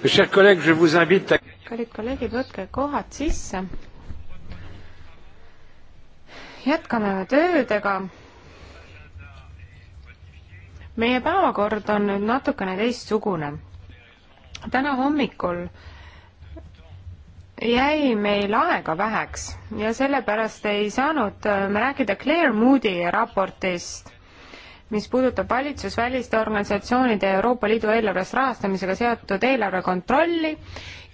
kallid kolleegid, võtke kohad sisse. jätkame töödega. meie päevakord on nüüd natukene teistsugune. täna hommikul jäi meil aega väheks ja sellepärast ei saanud me rääkida Claire Moody raportist mis puudutab valitsusväliste organisatsioonide Euroopa Liidu eelarvest rahastamisega seotud eelarve kontrolli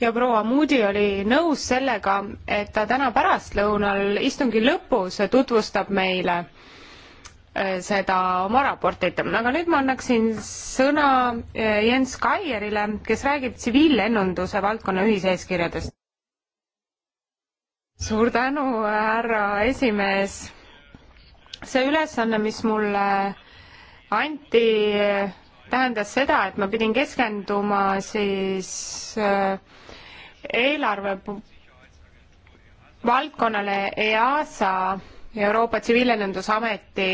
ja proua Moody oli nõus sellega, et ta täna pärastlõunal istungi lõpus tutvustab meile äh, seda oma raportit, aga nüüd ma annaksin sõna äh, Jens Kaierile, kes räägib tsiviillennunduse valdkonna ühiseeskirjadest. suur tänu, härra esimees. see ülesanne, mis mulle anti, tähendas seda, et ma pidin keskenduma siis äh, eelarve valdkonnale EASA, Euroopa Tsiviillennundusameti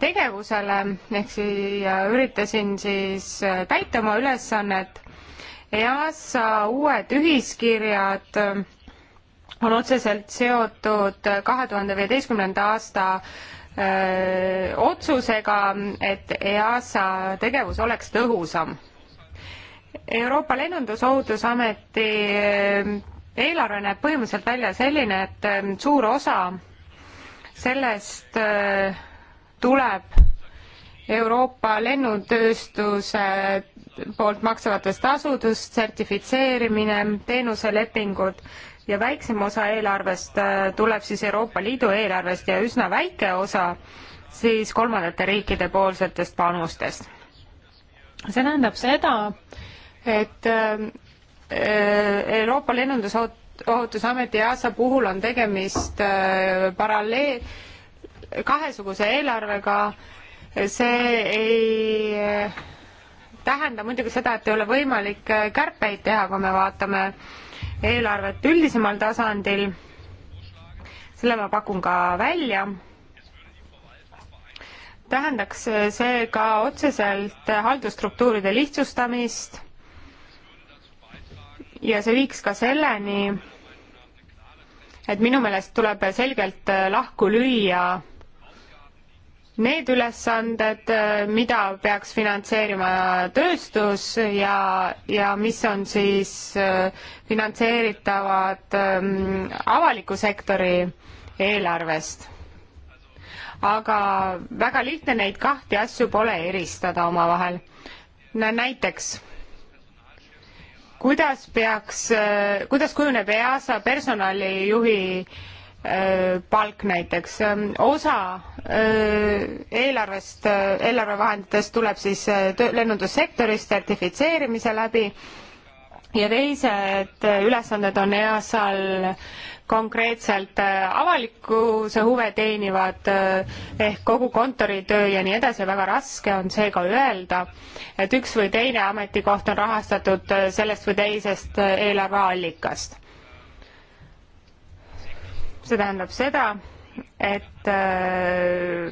tegevusele, ehk siia äh, üritasin siis äh, täita oma ülesannet. EASA uued ühiskirjad on otseselt seotud kahe tuhande viieteistkümnenda aasta öö, äh, otsusega, et EASA tegevus oleks tõhusam. Euroopa Lennundusohutusameti äh, eelarve näeb põhimõtteliselt välja selline, et äh, suur osa sellest öö, tuleb Euroopa lennutööstuse poolt maksavatest tasudest, sertifitseerimine, teenuselepingud, ja väiksem osa eelarvest äh, tuleb siis Euroopa Liidu eelarvest ja üsna väike osa siis kolmandate riikide poolsetest panustest. see tähendab seda, et äh, Euroopa Lennundusohutusameti EASA puhul on tegemist äh, paralleel, kahesuguse eelarvega, see ei tähenda muidugi seda, et ei ole võimalik kärpeid teha, kui me vaatame äh, eelarvet üldisemal tasandil. selle ma pakun ka välja. tähendaks see ka otseselt haldusstruktuuride lihtsustamist ja see viiks ka selleni, et minu meelest tuleb selgelt lahku lüüa need ülesanded, mida peaks finantseerima tööstus ja, ja mis on siis äh, finantseeritavad ähm, avaliku sektori eelarvest. aga väga lihtne neid kahte asju pole eristada omavahel. näiteks, kuidas peaks, äh, kuidas kujuneb EASA personalijuhi Äh, palk näiteks. Ähm, osa äh, eelarvest, äh, eelarvevahenditest tuleb siis lennundussektoris sertifitseerimise läbi ja teised ülesanded on EASA-l konkreetselt avalikkuse huve teenivad ehk kogu kontoritöö ja nii edasi, väga raske on seega öelda, et üks või teine ametikoht on rahastatud sellest või teisest eelarveallikast see tähendab seda, et äh,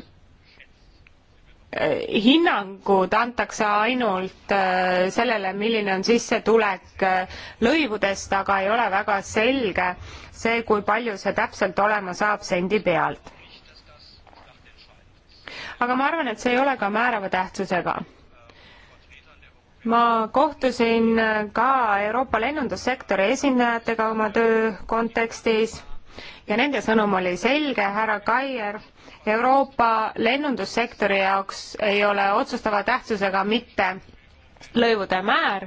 hinnangud antakse ainult äh, sellele, milline on sissetulek äh, lõivudest, aga ei ole väga selge see, kui palju see täpselt olema saab sendi pealt. aga ma arvan, et see ei ole ka määrava tähtsusega. ma kohtusin ka Euroopa lennundussektori esindajatega oma töö kontekstis ja nende sõnum oli selge, härra Kaier, Euroopa lennundussektori jaoks ei ole otsustava tähtsusega mitte lõivude määr,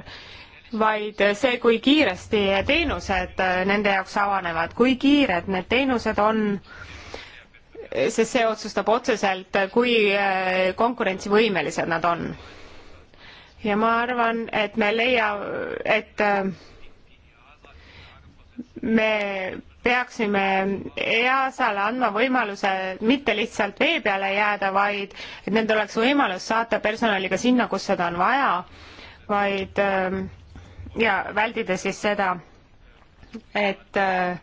vaid see, kui kiiresti teenused nende jaoks avanevad, kui kiired need teenused on, sest see otsustab otseselt, kui eh, konkurentsivõimelised nad on. ja ma arvan, et me leia-, et eh, me peaksime EASA-le andma võimaluse mitte lihtsalt vee peale jääda, vaid et nendel oleks võimalus saata personali ka sinna, kus seda on vaja, vaid ähm, ja väldida siis seda, et äh,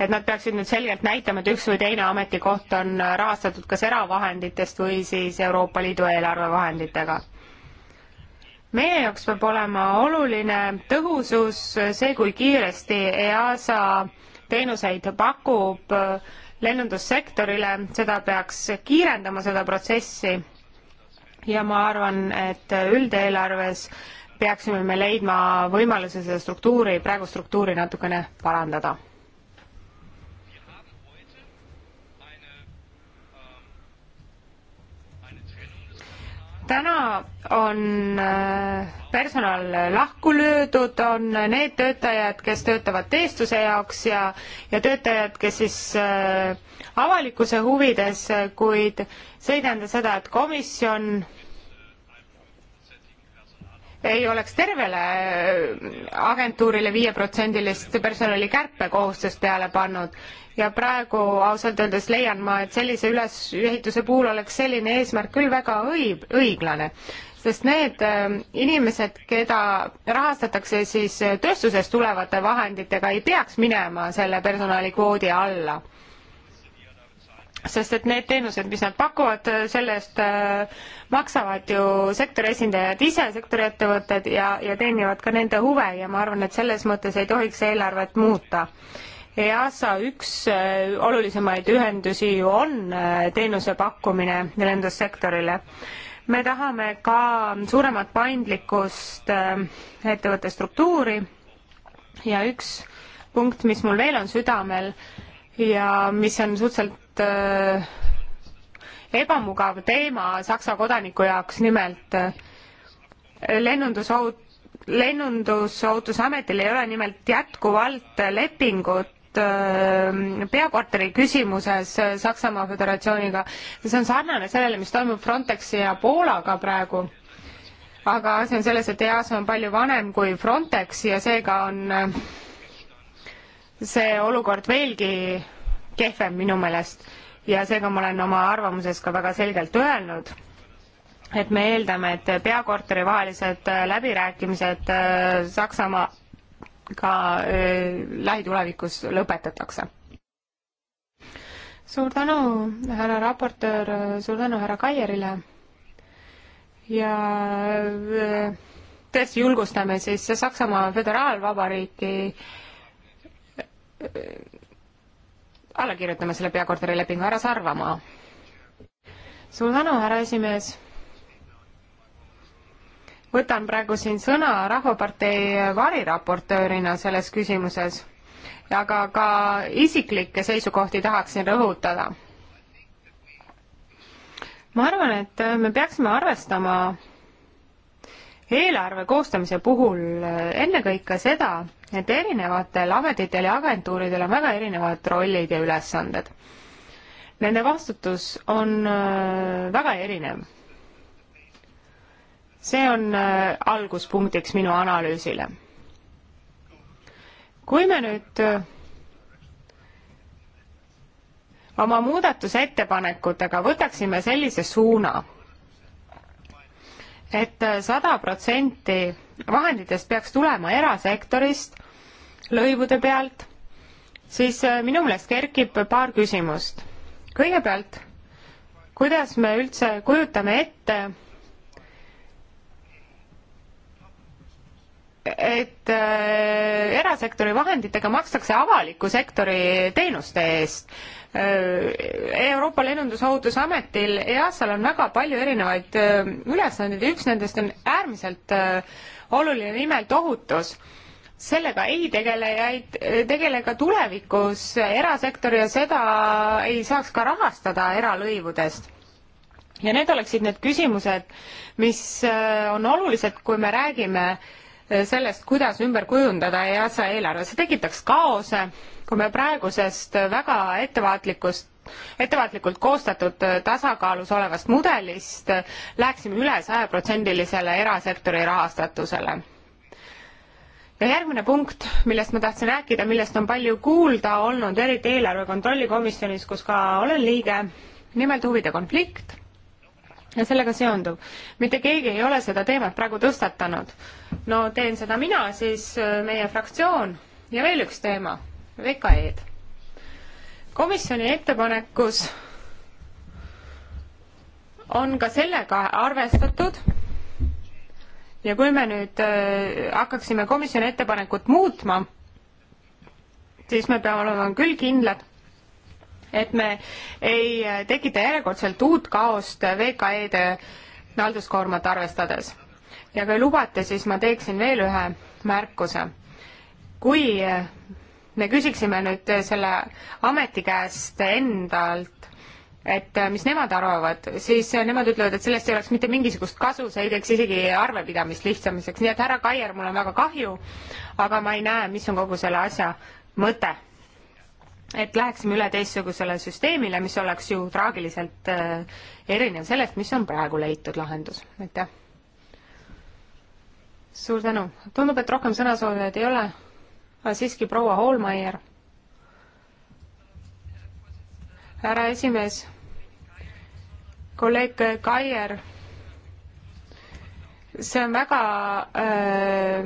et nad peaksid nüüd selgelt näitama, et üks või teine ametikoht on rahastatud kas eravahenditest või siis Euroopa Liidu eelarvevahenditega meie jaoks peab olema oluline tõhusus, see, kui kiiresti EASA teenuseid pakub äh, lennundussektorile, seda peaks kiirendama, seda protsessi. ja ma arvan, et üldeelarves peaksime me leidma võimaluse seda struktuuri, praegu struktuuri natukene parandada täna on äh, personal lahku löödud, on need töötajad, kes töötavad teestuse jaoks ja, ja töötajad, kes siis äh, avalikkuse huvides, äh, kuid see ei tähenda seda, et komisjon ei oleks tervele äh, agentuurile viieprotsendilist personalikärpekohustust peale pannud ja praegu ausalt öeldes leian ma, et sellise ülesehituse puhul oleks selline eesmärk küll väga õig-, õiglane. sest need äh, inimesed, keda rahastatakse siis tööstusest tulevate vahenditega, ei peaks minema selle personalikvoodi alla sest et need teenused, mis nad pakuvad, selle eest äh, maksavad ju sektori esindajad ise, sektori ettevõtted ja, ja teenivad ka nende huve ja ma arvan, et selles mõttes ei tohiks eelarvet muuta. EASA üks äh, olulisemaid ühendusi ju on äh, teenuse pakkumine lendussektorile. me tahame ka suuremat paindlikkust ettevõtte struktuuri ja üks punkt, mis mul veel on südamel ja mis on suhteliselt äärmiselt äh, ebamugav teema Saksa kodaniku jaoks, nimelt äh, lennundusohut-, lennundusohutusametil ei ole nimelt jätkuvalt lepingut äh, peakorteri küsimuses Saksamaa Föderatsiooniga. see on sarnane sellele, mis toimub Frontexi ja Poolaga praegu. aga asi on selles, et EASO on palju vanem kui Frontex ja seega on see olukord veelgi kehvem minu meelest ja seega ma olen oma arvamuses ka väga selgelt öelnud, et me eeldame, et peakorteri vahelised äh, läbirääkimised äh, Saksamaaga äh, lähitulevikus lõpetatakse. suur tänu, härra raportöör, suur tänu härra Kaierile ja tõesti julgustame siis Saksamaa Föderaalvabariiki alla kirjutama selle peakorteri lepingu, härra Sarvamaa. suur tänu, härra esimees. võtan praegu siin sõna Rahvapartei variraportöörina selles küsimuses, aga ka isiklikke seisukohti tahaksin rõhutada. ma arvan, et me peaksime arvestama eelarve koostamise puhul eh, ennekõike seda, et erinevatel ametitel ja agentuuridel on väga erinevad rollid ja ülesanded. Nende vastutus on eh, väga erinev. see on eh, alguspunktiks minu analüüsile. kui me nüüd oma muudatusettepanekutega võtaksime sellise suuna, et sada protsenti vahenditest peaks tulema erasektorist lõivude pealt, siis äh, minu meelest kerkib paar küsimust. kõigepealt, kuidas me üldse kujutame ette et äh, erasektori vahenditega makstakse avaliku sektori teenuste eest äh,. Euroopa Lennundusohutusametil, EASA-l on väga palju erinevaid äh, ülesandeid ja üks nendest on äärmiselt äh, oluline, nimelt ohutus sellega ei tegelejaid äh, tegele ka tulevikus erasektor ja seda ei saaks ka rahastada eralõivudest. ja need oleksid need küsimused, mis äh, on olulised, kui me räägime äh, sellest, kuidas ümber kujundada EASA eelarve, see tekitaks kaose, kui me praegusest väga ettevaatlikust ettevaatlikult koostatud äh, tasakaalus olevast mudelist äh, läheksime üle sajaprotsendilisele erasektori rahastatusele ja järgmine punkt, millest ma tahtsin rääkida, millest on palju kuulda olnud, eriti eelarve kontrolli komisjonis, kus ka olen liige, nimelt huvide konflikt ja sellega seonduv. mitte keegi ei ole seda teemat praegu tõstatanud. no teen seda mina, siis äh, meie fraktsioon ja veel üks teema, VKE-d. komisjoni ettepanekus on ka sellega arvestatud ja kui me nüüd äh, hakkaksime komisjoni ettepanekut muutma, siis me peame olema küll kindlad, et me ei tekita järjekordselt uut kaost VKE-de halduskoormat arvestades. ja kui lubate, siis ma teeksin veel ühe märkuse. kui me küsiksime nüüd selle ameti käest endalt, et mis nemad arvavad, siis nemad ütlevad, et sellest ei oleks mitte mingisugust kasu, see ei teeks isegi arvepidamist lihtsamiseks, nii et härra Kaier, mul on väga kahju, aga ma ei näe, mis on kogu selle asja mõte et läheksime üle teistsugusele süsteemile, mis oleks ju traagiliselt äh, erinev sellest, mis on praegu leitud lahendus. aitäh! suur tänu! tundub, et rohkem sõnasoovijaid ei ole, aga siiski proua Hoolmeier. härra esimees, kolleeg Kaier see on väga äh,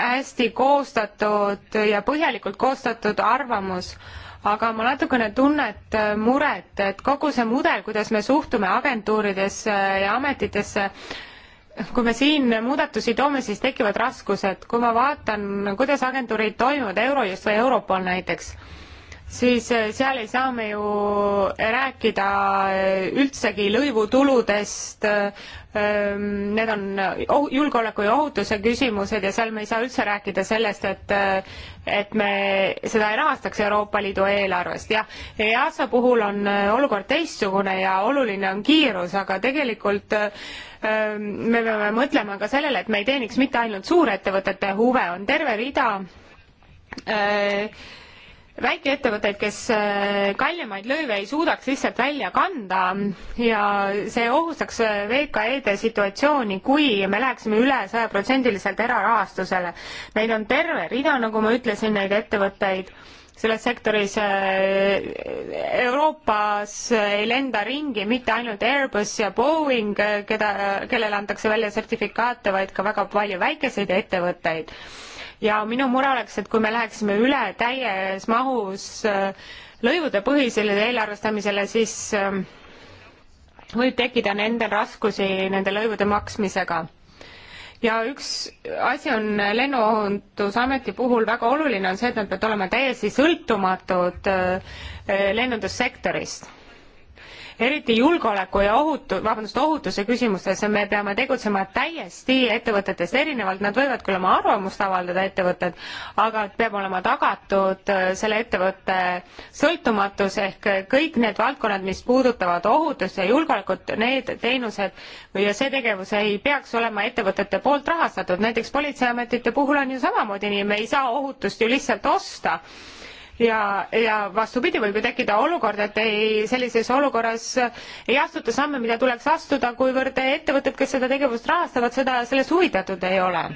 hästi koostatud ja põhjalikult koostatud arvamus, aga ma natukene tunnen äh, muret, et kogu see mudel, kuidas me suhtume agentuuridesse ja ametitesse, kui me siin muudatusi toome, siis tekivad raskused. kui ma vaatan, kuidas agentuurid toimivad, Eurojust või Europol näiteks, siis äh, seal ei saa me ju rääkida äh, üldsegi lõivutuludest, Ehm, need on julgeoleku ja ohutuse küsimused ja seal me ei saa üldse rääkida sellest, et et me seda ei rahastaks Euroopa Liidu eelarvest, jah. EASA puhul on äh, olukord teistsugune ja oluline on kiirus, aga tegelikult ehm, me peame mõtlema ka sellele, et me ei teeniks mitte ainult suurettevõtete huve, on terve rida äh, väikeettevõtteid, kes äh, kallimaid lööve ei suudaks lihtsalt välja kanda ja see ohustaks VKE-de situatsiooni, kui me läheksime üle sajaprotsendiliselt erarahastusele. Neid on terve rida, nagu ma ütlesin, neid ettevõtteid selles sektoris äh, Euroopas ei lenda ringi mitte ainult Airbus ja Boeing, äh, keda, kellele antakse välja sertifikaate, vaid ka väga palju väikeseid ettevõtteid ja minu mure oleks, et kui me läheksime üle täies mahus äh, lõivudepõhisele eelarvestamisele, siis äh, võib tekkida nendel raskusi nende lõivude maksmisega ja üks asi on Lennuohutusameti puhul väga oluline, on see, et nad peavad olema täiesti sõltumatud äh, lennundussektorist eriti julgeoleku ja ohutu, vabandust, ohutuse küsimustes me peame tegutsema täiesti ettevõtetest erinevalt, nad võivad küll oma arvamust avaldada, ettevõtted, aga peab olema tagatud äh, selle ettevõtte sõltumatus ehk kõik need valdkonnad, mis puudutavad ohutust ja julgeolekut, need teenused ja see tegevus ei peaks olema ettevõtete poolt rahastatud, näiteks politseiametite puhul on ju samamoodi nii, me ei saa ohutust ju lihtsalt osta ja, ja vastupidi, võib ju tekkida olukord, et ei, sellises olukorras ei astuta samme, mida tuleks astuda, kuivõrd ettevõtted, kes seda tegevust rahastavad, seda, sellest huvitatud ei ole.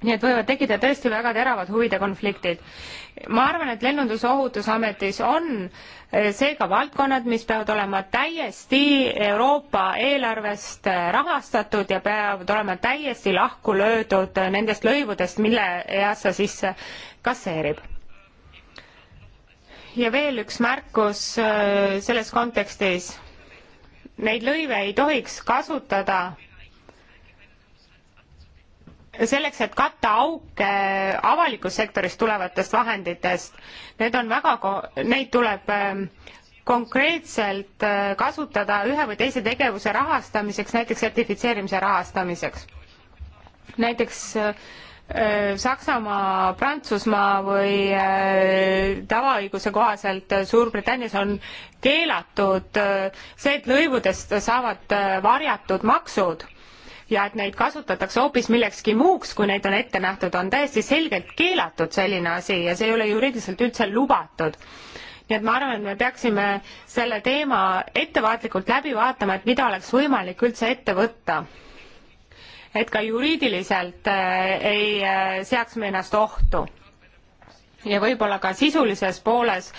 nii et võivad tekkida tõesti väga teravad huvide konfliktid. ma arvan, et Lennundusohutusametis on eh, seega valdkonnad, mis peavad olema täiesti Euroopa eelarvest eh, rahastatud ja peavad olema täiesti lahku löödud eh, nendest lõivudest, mille EASA sisse kasseerib ja veel üks märkus äh, selles kontekstis. Neid lõive ei tohiks kasutada selleks, et katta auke avalikust sektorist tulevatest vahenditest, need on väga, neid tuleb ähm, konkreetselt äh, kasutada ühe või teise tegevuse rahastamiseks, näiteks sertifitseerimise rahastamiseks. näiteks äh, Äh, Saksamaa, Prantsusmaa või äh, tavaõiguse kohaselt äh, Suurbritannias on keelatud see, et lõivudest saavad varjatud maksud ja et neid kasutatakse hoopis millekski muuks, kui neid on ette nähtud, on täiesti selgelt keelatud selline asi ja see ei ole juriidiliselt üldse lubatud nii et ma arvan, et me peaksime selle teema ettevaatlikult läbi vaatama, et mida oleks võimalik üldse ette võtta et ka juriidiliselt äh, ei äh, seaks me ennast ohtu ja võib-olla ka sisulises pooles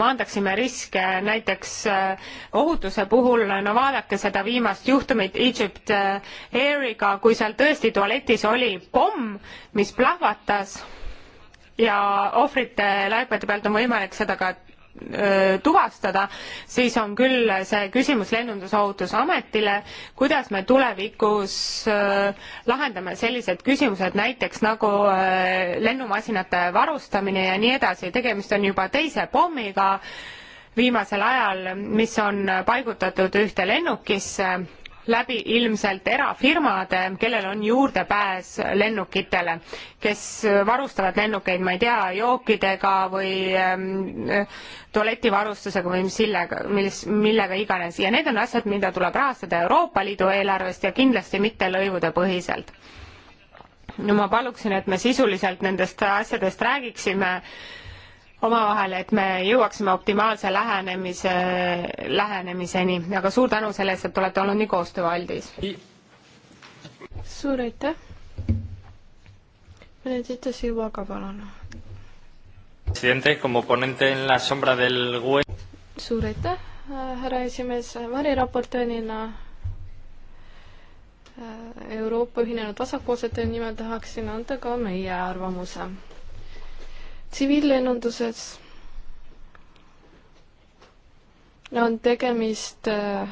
maandaksime riske näiteks äh, ohutuse puhul, no vaadake seda viimast juhtumit Egypt Airiga, kui seal tõesti tualetis oli pomm, mis plahvatas ja ohvrite laipade pealt on võimalik seda ka tuvastada, siis on küll see küsimus Lennundusohutusametile, kuidas me tulevikus lahendame sellised küsimused, näiteks nagu lennumasinate varustamine ja nii edasi, tegemist on juba teise pommiga viimasel ajal, mis on paigutatud ühte lennukisse läbi ilmselt erafirmade, kellel on juurdepääs lennukitele, kes varustavad lennukeid, ma ei tea, jookidega või ähm, tualetivarustusega või mis sillega, milles, millega iganes ja need on asjad, mida tuleb rahastada Euroopa Liidu eelarvest ja kindlasti mitte lõivude põhiselt no ma paluksin, et me sisuliselt nendest asjadest räägiksime äh, omavahel, et me jõuaksime optimaalse lähenemise, lähenemiseni, aga suur tänu selle eest, et olete olnud nii koostööaldis. suur aitäh. Benedita Silva ka palun. suur aitäh, härra esimees, variraportöörina äh, Euroopa Ühinenud Vasakpoolsete nimel tahaksin anda ka meie arvamuse tsiviillennunduses on tegemist äh,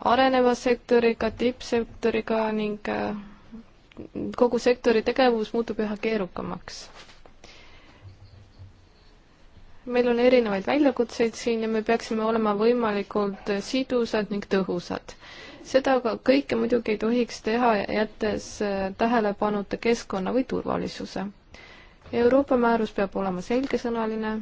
areneva sektoriga, tippsektoriga ning äh, kogu sektori tegevus muutub üha keerukamaks. meil on erinevaid väljakutseid siin ja me peaksime olema võimalikult äh, sidusad ning tõhusad. seda kõike muidugi ei tohiks teha, jättes tähelepanuta keskkonna või turvalisuse Euroopa määrus peab olema selgesõnaline.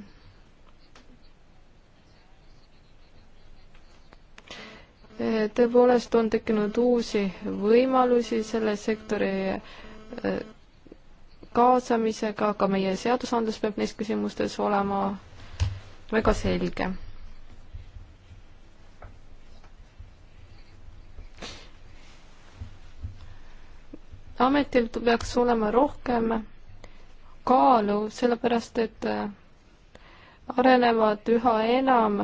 tõepoolest on tekkinud uusi võimalusi selle sektori äh, kaasamisega, aga meie seadusandlus peab neis küsimustes olema väga selge ametil peaks olema rohkem kaalu, sellepärast et äh, arenevad üha enam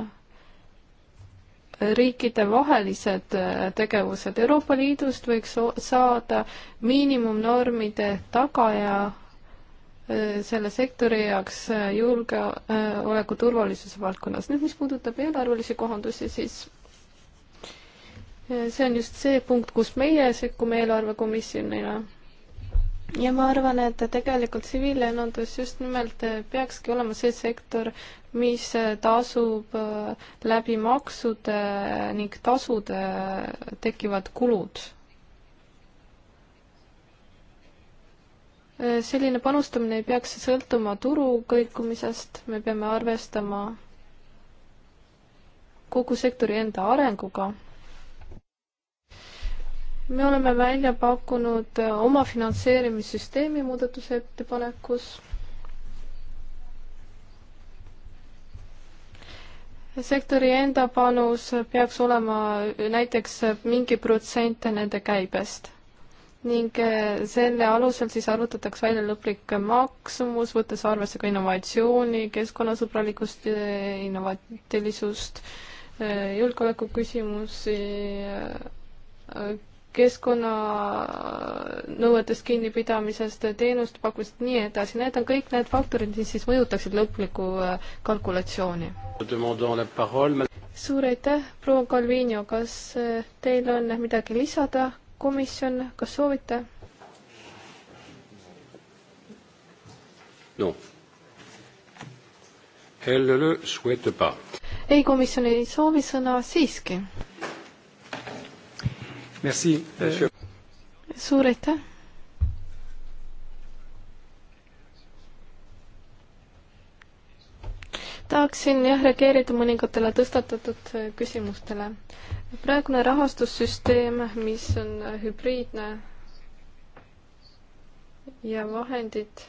riikidevahelised äh, tegevused. Euroopa Liidust võiks saada miinimumnormide tagaja äh, selle sektori jaoks julgeoleku turvalisuse valdkonnas. nüüd, mis puudutab eelarvelisi kohandusi, siis see on just see punkt, kus meie sekkume eelarvekomisjonina ja ma arvan, et tegelikult tsiviillennundus just nimelt peakski olema see sektor, mis tasub äh, läbi maksude ning tasude äh, tekivad kulud. Äh, selline panustamine ei peaks sõltuma turu kõikumisest, me peame arvestama kogu sektori enda arenguga me oleme välja pakkunud oma finantseerimissüsteemi muudatusettepanekus. sektori enda panus peaks olema näiteks mingi protsent nende käibest ning selle alusel siis arvutatakse välja lõplik maksumus, võttes arvesse ka innovatsiooni, keskkonnasõbralikkust, innovatilisust, julgeolekuküsimusi keskkonnanõuetest kinnipidamisest, teenuste pakkumisest, nii edasi, need on kõik need faktorid, mis siis mõjutaksid lõplikku äh, kalkulatsiooni. suur aitäh, proua Calvino, kas äh, teil on midagi lisada, komisjon, kas soovite? no Elle le souhaite pas. ei, komisjon ei soovi sõna siiski suur aitäh. tahaksin jah reageerida mõningatele tõstatatud äh, küsimustele. praegune rahastussüsteem, mis on äh, hübriidne ja vahendid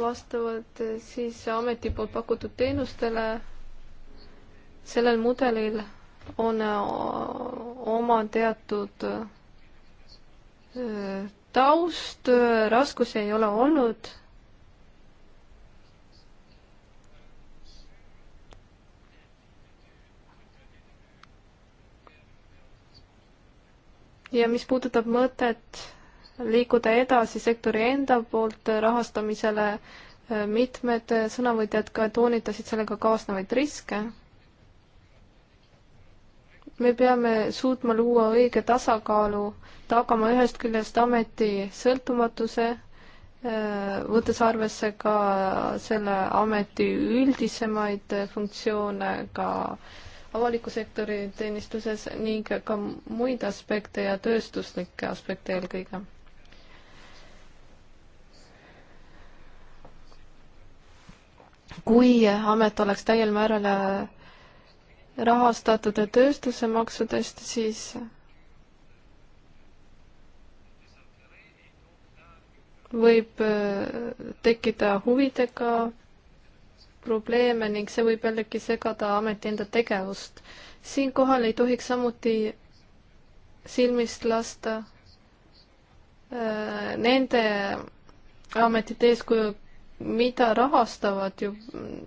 vastavad äh, siis ameti poolt pakutud teenustele sellel mudelil on äh, oma teatud äh, taust, äh, raskusi ei ole olnud. ja mis puudutab mõtet liikuda edasi sektori enda poolt rahastamisele, mitmed sõnavõtjad ka toonitasid sellega kaasnevaid riske me peame suutma luua õige tasakaalu, tagama ühest küljest ameti sõltumatuse, äh, võttes arvesse ka selle ameti üldisemaid funktsioone, ka avaliku sektori teenistuses ning ka muid aspekte ja tööstuslikke aspekte eelkõige. kui amet oleks täiel määral äh, rahastatud tööstuse maksudest, siis võib äh, tekkida huvidega probleeme ning see võib jällegi segada ameti enda tegevust. siinkohal ei tohiks samuti silmist lasta äh, nende ametite eeskuju, mida rahastavad ju mm,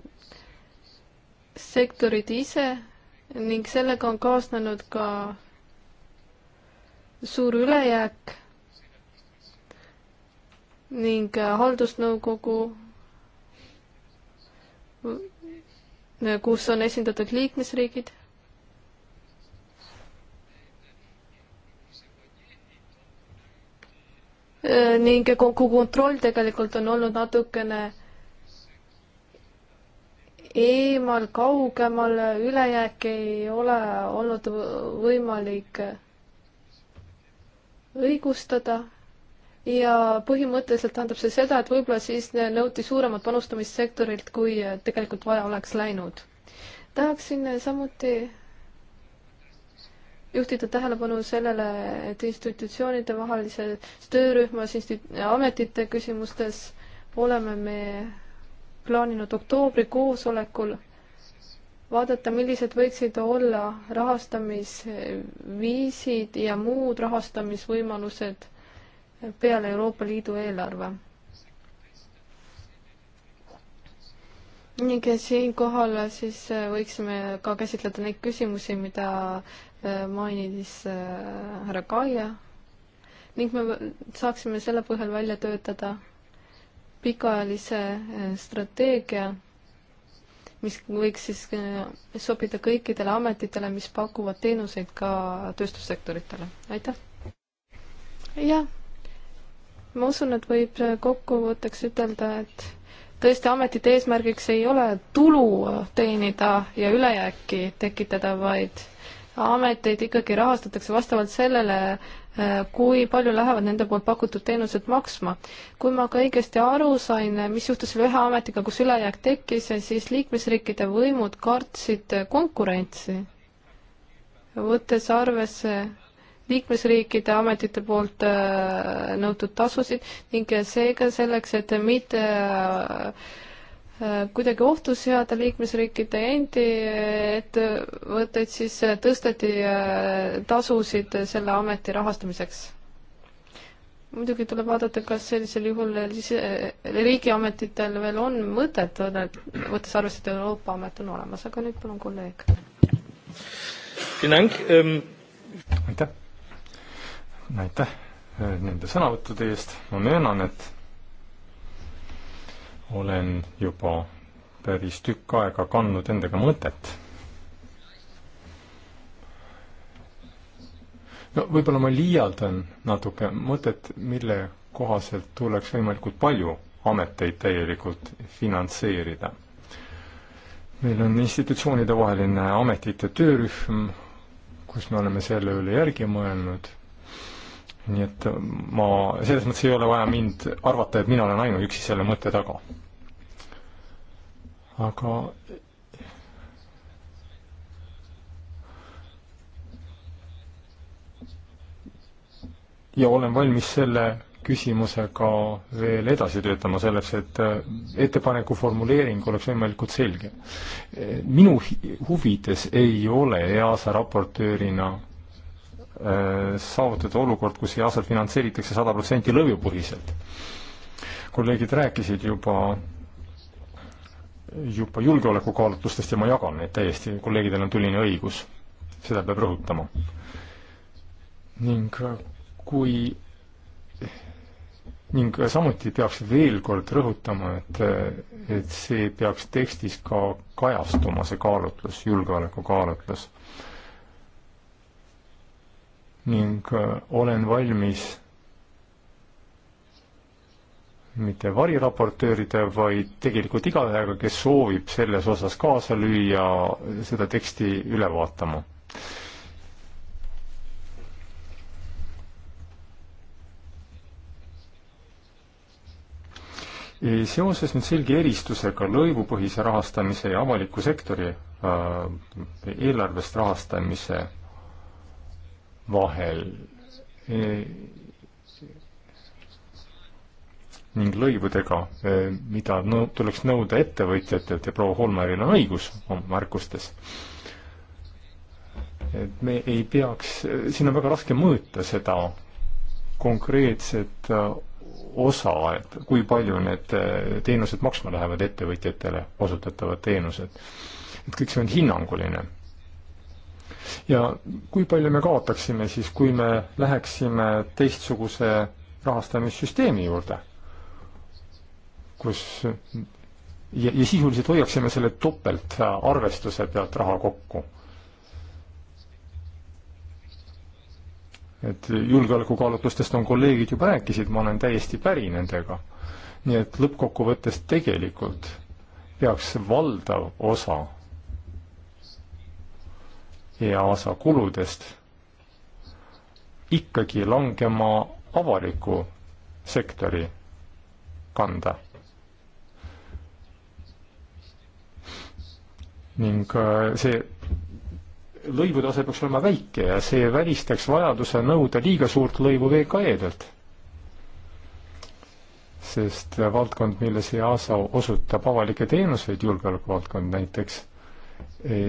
sektorid ise ning sellega on kaasnenud ka suur ülejääk ning äh, haldusnõukogu, äh, kus on esindatud liikmesriigid äh, ning kogu kontroll tegelikult on olnud natukene eemal, kaugemal, ülejääk ei ole olnud võimalik õigustada ja põhimõtteliselt tähendab see seda, et võib-olla siis nõuti suuremat panustamist sektorilt, kui tegelikult vaja oleks läinud. tahaksin samuti juhtida tähelepanu sellele, et institutsioonide vahelises töörühmas, ametite küsimustes oleme me plaaninud oktoobri koosolekul vaadata, millised võiksid olla rahastamisviisid ja muud rahastamisvõimalused peale Euroopa Liidu eelarve. ning siinkohal siis võiksime ka käsitleda neid küsimusi, mida äh, mainis äh, härra Kaia ning me saaksime selle põhjal välja töötada pikaajalise äh, strateegia, mis võiks siis äh, sobida kõikidele ametitele, mis pakuvad teenuseid ka tööstussektoritele. aitäh! jah, ma usun, et võib äh, kokkuvõtteks ütelda, et tõesti, ametite eesmärgiks ei ole tulu teenida ja ülejääki tekitada, vaid ameteid ikkagi rahastatakse vastavalt sellele, äh, kui palju lähevad nende poolt pakutud teenused maksma. kui ma ka õigesti aru sain, mis juhtus selle ühe ametiga, kus ülejääk tekkis, siis liikmesriikide võimud kartsid konkurentsi, võttes arvesse liikmesriikide ametite poolt äh, nõutud tasusid ning seega selleks, et mitte äh, Äh, kuidagi ohtu seada liikmesriikide endi ettevõtteid, siis äh, tõsteti äh, tasusid selle ameti rahastamiseks. muidugi tuleb vaadata, kas sellisel juhul riigiametitel veel on mõtet, võttes arvesse, et Euroopa amet on olemas, aga nüüd palun kolleeg. Ähm, aitäh, aitäh nende sõnavõttude eest, ma möönan, et olen juba päris tükk aega kandnud endaga mõtet. no võib-olla ma liialdan natuke mõtet, mille kohaselt tuleks võimalikult palju ameteid täielikult finantseerida. meil on institutsioonide vaheline ametite töörühm, kus me oleme selle üle järgi mõelnud nii et äh, ma, selles mõttes ei ole vaja mind arvata, et mina olen ainuüksi selle mõtte taga. aga ja olen valmis selle küsimusega veel edasi töötama, selleks et äh, ettepaneku formuleering oleks võimalikult selge. minu huvides ei ole EASA raportöörina Äh, saavutada olukord, kus EASA-t finantseeritakse sada protsenti lõivupõhiselt. kolleegid rääkisid juba, juba julgeolekukaalutlustest ja ma jagan neid täiesti, kolleegidel on tuline õigus, seda peab rõhutama. ning äh, kui ning samuti peaks veel kord rõhutama, et, et see peaks tekstis ka kajastuma, see kaalutlus, julgeolekukaalutlus ning äh, olen valmis mitte variraportööride, vaid tegelikult igaühega, kes soovib selles osas kaasa lüüa, seda teksti üle vaatama. seoses nüüd selge eristusega lõivupõhise rahastamise ja avaliku sektori äh, eelarvest rahastamise vahel e, ning lõivudega, e, mida no, tuleks nõuda ettevõtjatelt ja proua Holmeril on õigus oma märkustes. et me ei peaks, siin on väga raske mõõta seda konkreetset äh, osa, et kui palju need äh, teenused maksma lähevad ettevõtjatele osutatavad teenused. et kõik see on hinnanguline ja kui palju me kaotaksime siis, kui me läheksime teistsuguse rahastamissüsteemi juurde, kus ja, ja sisuliselt hoiaksime selle topeltarvestuse pealt raha kokku. et julgeolekukaalutlustest on kolleegid juba rääkisid, ma olen täiesti päri nendega. nii et lõppkokkuvõttes tegelikult peaks valdav osa ja osa kuludest ikkagi langema avaliku sektori kanda. ning äh, see lõivutase peaks olema väike ja see välistaks vajaduse nõuda liiga suurt lõivu VKE-delt. sest valdkond, milles EASA osutab avalikke teenuseid, julgeolekuvaldkond näiteks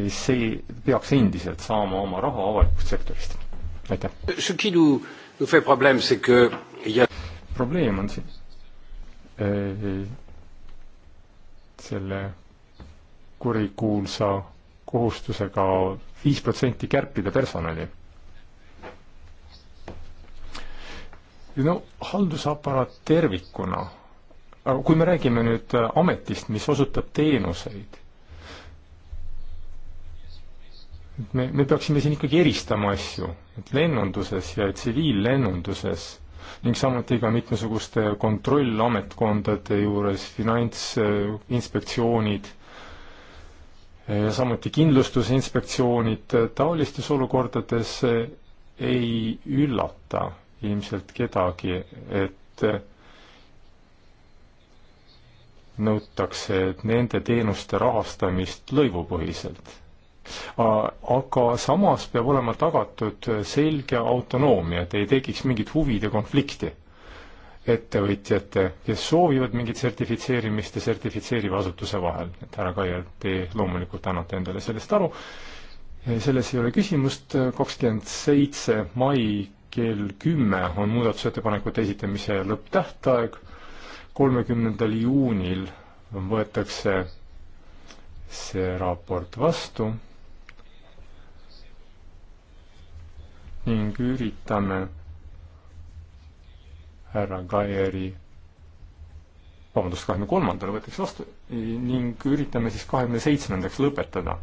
see peaks endiselt saama oma raha avalikust sektorist. aitäh. probleem on siin eh, selle kurikuulsa kohustusega viis protsenti kärpida personali. no haldusaparaat tervikuna, aga kui me räägime nüüd ametist, mis osutab teenuseid et me, me peaksime siin ikkagi eristama asju, et lennunduses ja tsiviillennunduses ning samuti ka mitmesuguste kontrollametkondade juures, finantsinspektsioonid, samuti kindlustusinspektsioonid, taolistes olukordades ei üllata ilmselt kedagi, et nõutakse nende teenuste rahastamist lõivupõhiselt aga samas peab olema tagatud selge autonoomia, et ei tekiks mingit huvide konflikti ettevõtjate, kes soovivad mingit sertifitseerimist ja sertifitseeriva asutuse vahel. et härra Kaia, te loomulikult annate endale sellest aru, selles ei ole küsimust, kakskümmend seitse mai kell kümme on muudatusettepanekute esitamise lõpptähtaeg, kolmekümnendal juunil võetakse see raport vastu ning üritame härra Gaieri vabandust, kahekümne kolmandal võetakse vastu ning üritame siis kahekümne seitsmendaks lõpetada.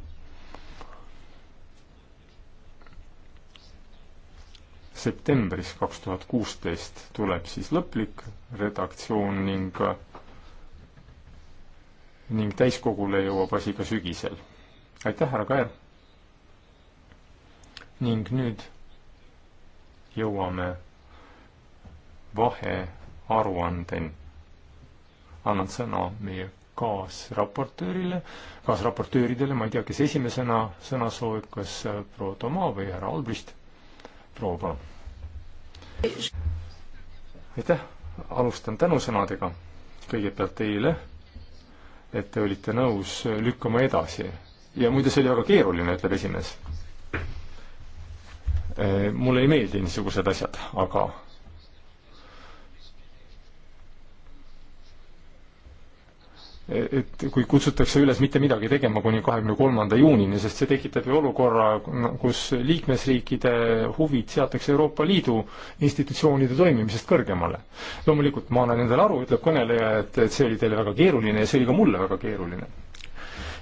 septembris kaks tuhat kuusteist tuleb siis lõplik redaktsioon ning, ning täiskogule jõuab asi ka sügisel. aitäh, härra Kaer! ning nüüd jõuame vahearuandeni. annan sõna meie kaasraportöörile, kaasraportööridele, ma ei tea, kes esimesena sõna soovib, kas äh, proua Toma või härra Albrist. proua, palun. aitäh, alustan tänusõnadega kõigepealt teile, et te olite nõus lükkama edasi ja muide, see oli väga keeruline, ütleb esimees. Eh, mulle ei meeldi niisugused asjad, aga et kui kutsutakse üles mitte midagi tegema kuni kahekümne kolmanda juunini, sest see tekitab ju olukorra, kus liikmesriikide huvid seatakse Euroopa Liidu institutsioonide toimimisest kõrgemale. loomulikult ma annan endale aru, ütleb kõneleja, et, et see oli teile väga keeruline ja see oli ka mulle väga keeruline.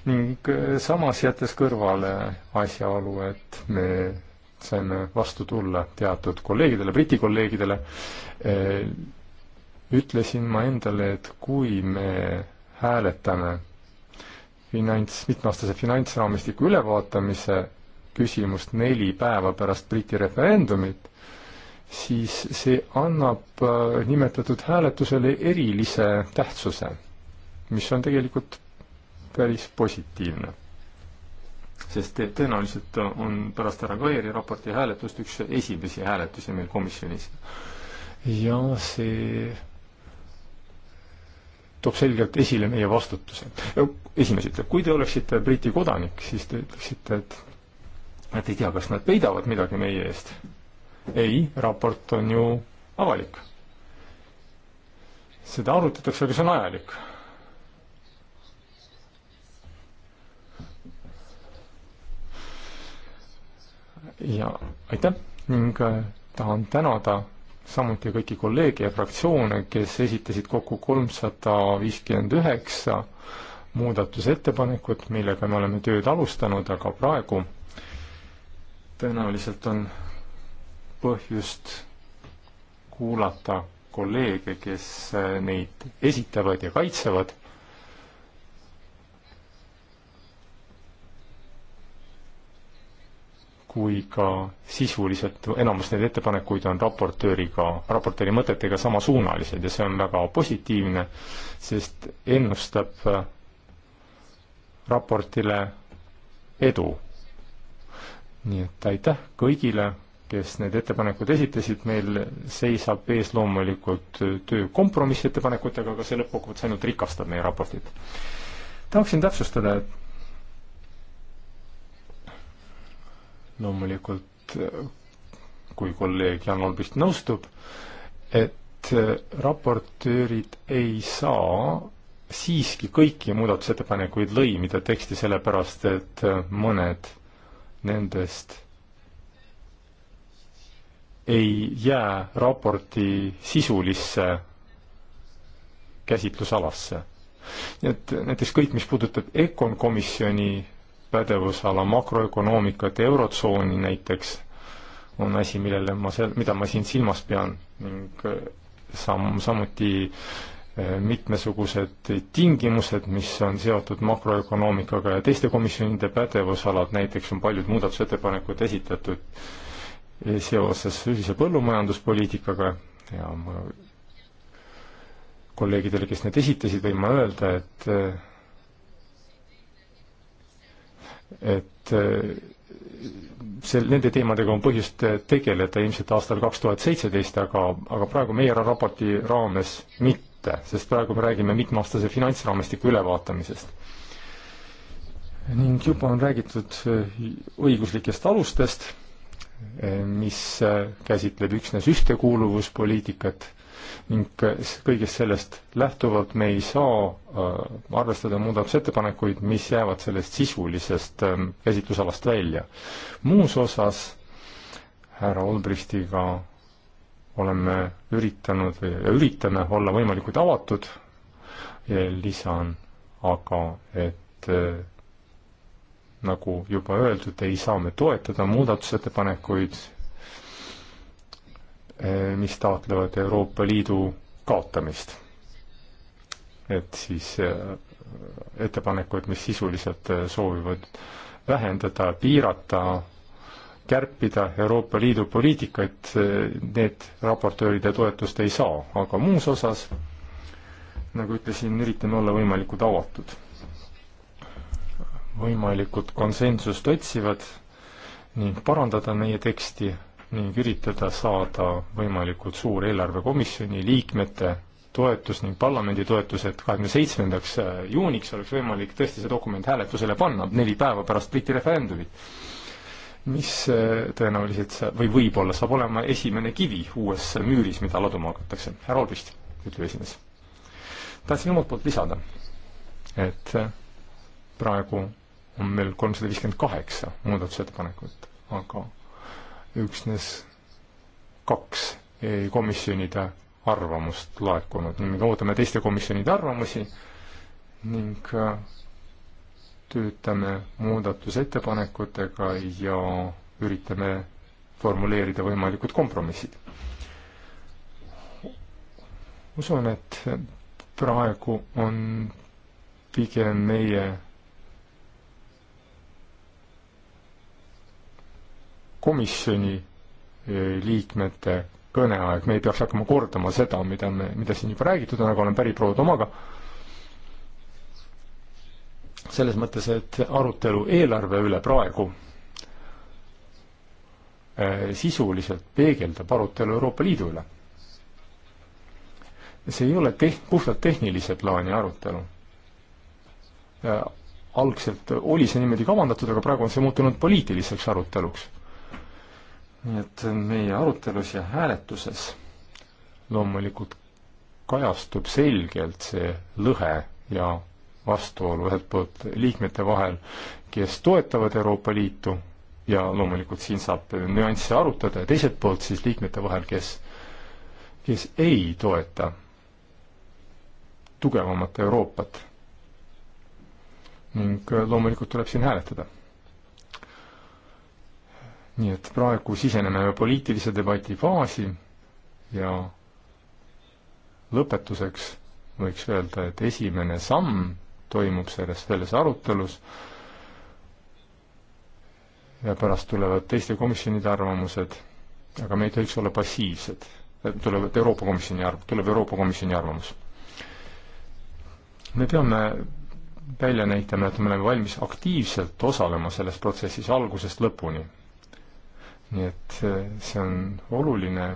ning eh, samas jättes kõrvale asjaolu, et me sain vastu tulla teatud kolleegidele, Briti kolleegidele, eh, ütlesin ma endale, et kui me hääletame finants, mitmeaastase finantsraamistiku ülevaatamise küsimust neli päeva pärast Briti referendumit, siis see annab eh, nimetatud hääletusele erilise tähtsuse, mis on tegelikult päris positiivne sest et tõenäoliselt on pärast härra Kairi raporti hääletust üks esimesi hääletusi meil komisjonis. ja see toob selgelt esile meie vastutuse. esimees ütleb, kui te oleksite Briti kodanik, siis te ütleksite, et et ei tea, kas nad peidavad midagi meie eest. ei, raport on ju avalik. seda arutatakse, aga see on ajalik ja aitäh ning äh, tahan tänada samuti kõiki kolleege ja fraktsioone, kes esitasid kokku kolmsada viiskümmend üheksa muudatusettepanekut, millega me oleme tööd alustanud, aga praegu tõenäoliselt on põhjust kuulata kolleege, kes äh, neid esitavad ja kaitsevad kui ka sisuliselt enamus neid ettepanekuid on raportööriga, raportööri mõtetega samasuunalised ja see on väga positiivne, sest ennustab äh, raportile edu. nii et aitäh kõigile, kes need ettepanekud esitasid, meil seisab ees loomulikult töö kompromissettepanekutega, aga see lõppkokkuvõttes ainult rikastab meie raportit. tahaksin täpsustada, et loomulikult kui kolleeg Jan Olbist nõustub, et raportöörid ei saa siiski kõiki muudatusettepanekuid lõimida teksti, sellepärast et mõned nendest ei jää raporti sisulisse käsitlusalasse. nii et näiteks kõik, mis puudutab EKON komisjoni pädevusala makroökonoomikat ja Eurotsooni näiteks, on asi, millele ma seal, mida ma siin silmas pean ning äh, sam-, samuti äh, mitmesugused tingimused, mis on seotud makroökonoomikaga ja teiste komisjonide pädevusalad, näiteks on paljud muudatusettepanekud esitatud äh, seoses ühise põllumajanduspoliitikaga ja ma kolleegidele, kes need esitasid, võin ma öelda, et et äh, sel, nende teemadega on põhjust äh, tegeleda ilmselt aastal kaks tuhat seitseteist, aga, aga praegu meie raporti raames mitte, sest praegu me räägime mitmeaastase finantsraamistiku ülevaatamisest. ning juba on räägitud äh, õiguslikest alustest, mis käsitleb üksnes ühtekuuluvuspoliitikat ning kõigest sellest lähtuvalt me ei saa äh, arvestada muudatusettepanekuid, mis jäävad sellest sisulisest ähm, käsitlusalast välja. muus osas härra Olbrichtiga oleme üritanud või üritame olla võimalikult avatud, lisan aga, et äh, nagu juba öeldud, ei saa me toetada muudatusettepanekuid, Eh, mis taotlevad Euroopa Liidu kaotamist. et siis eh, ettepanekud, mis sisuliselt eh, soovivad vähendada, piirata, kärpida Euroopa Liidu poliitikat, need raportööride toetust ei saa, aga muus osas, nagu ütlesin, üritame olla võimalikult avatud. võimalikult konsensust otsivad ning parandada meie teksti ning üritada saada võimalikult suur eelarvekomisjoni liikmete toetus ning parlamendi toetus, et kahekümne seitsmendaks äh, juuniks oleks võimalik tõesti see dokument hääletusele panna, neli päeva pärast Briti referendumit. mis äh, tõenäoliselt või võib-olla saab olema esimene kivi uues müüris, mida laduma hakatakse. härra Olbist, ütleb esimees. tahtsin omalt poolt lisada, et äh, praegu on meil kolmsada viiskümmend kaheksa muudatusettepanekut, aga üksnes kaks komisjonide arvamust laekunud, me ootame teiste komisjonide arvamusi ning äh, töötame muudatusettepanekutega ja üritame formuleerida võimalikud kompromissid. usun, et praegu on pigem meie komisjoni eh, liikmete kõneaeg, me ei peaks hakkama kordama seda, mida me, mida siin juba räägitud on, aga olen päri proua Tomaga, selles mõttes, et arutelu eelarve üle praegu eh, sisuliselt peegeldab arutelu Euroopa Liidu üle. see ei ole teht-, puhtalt tehnilise plaani arutelu. Eh, algselt oli see niimoodi kavandatud, aga praegu on see muutunud poliitiliseks aruteluks nii et meie arutelus ja hääletuses loomulikult kajastub selgelt see lõhe ja vastuolu ühelt poolt liikmete vahel, kes toetavad Euroopa Liitu ja loomulikult siin saab nüansse arutada ja teiselt poolt siis liikmete vahel, kes, kes ei toeta tugevamat Euroopat. ning loomulikult tuleb siin hääletada nii et praegu siseneme poliitilise debati faasi ja lõpetuseks võiks öelda, et esimene samm toimub selles, selles arutelus ja pärast tulevad teiste komisjonide arvamused, aga me ei tohiks olla passiivsed. Äh, tulevad Euroopa Komisjoni arv-, tuleb Euroopa Komisjoni arvamus. me peame välja näitama, et me oleme valmis aktiivselt osalema selles protsessis algusest lõpuni nii et äh, see on oluline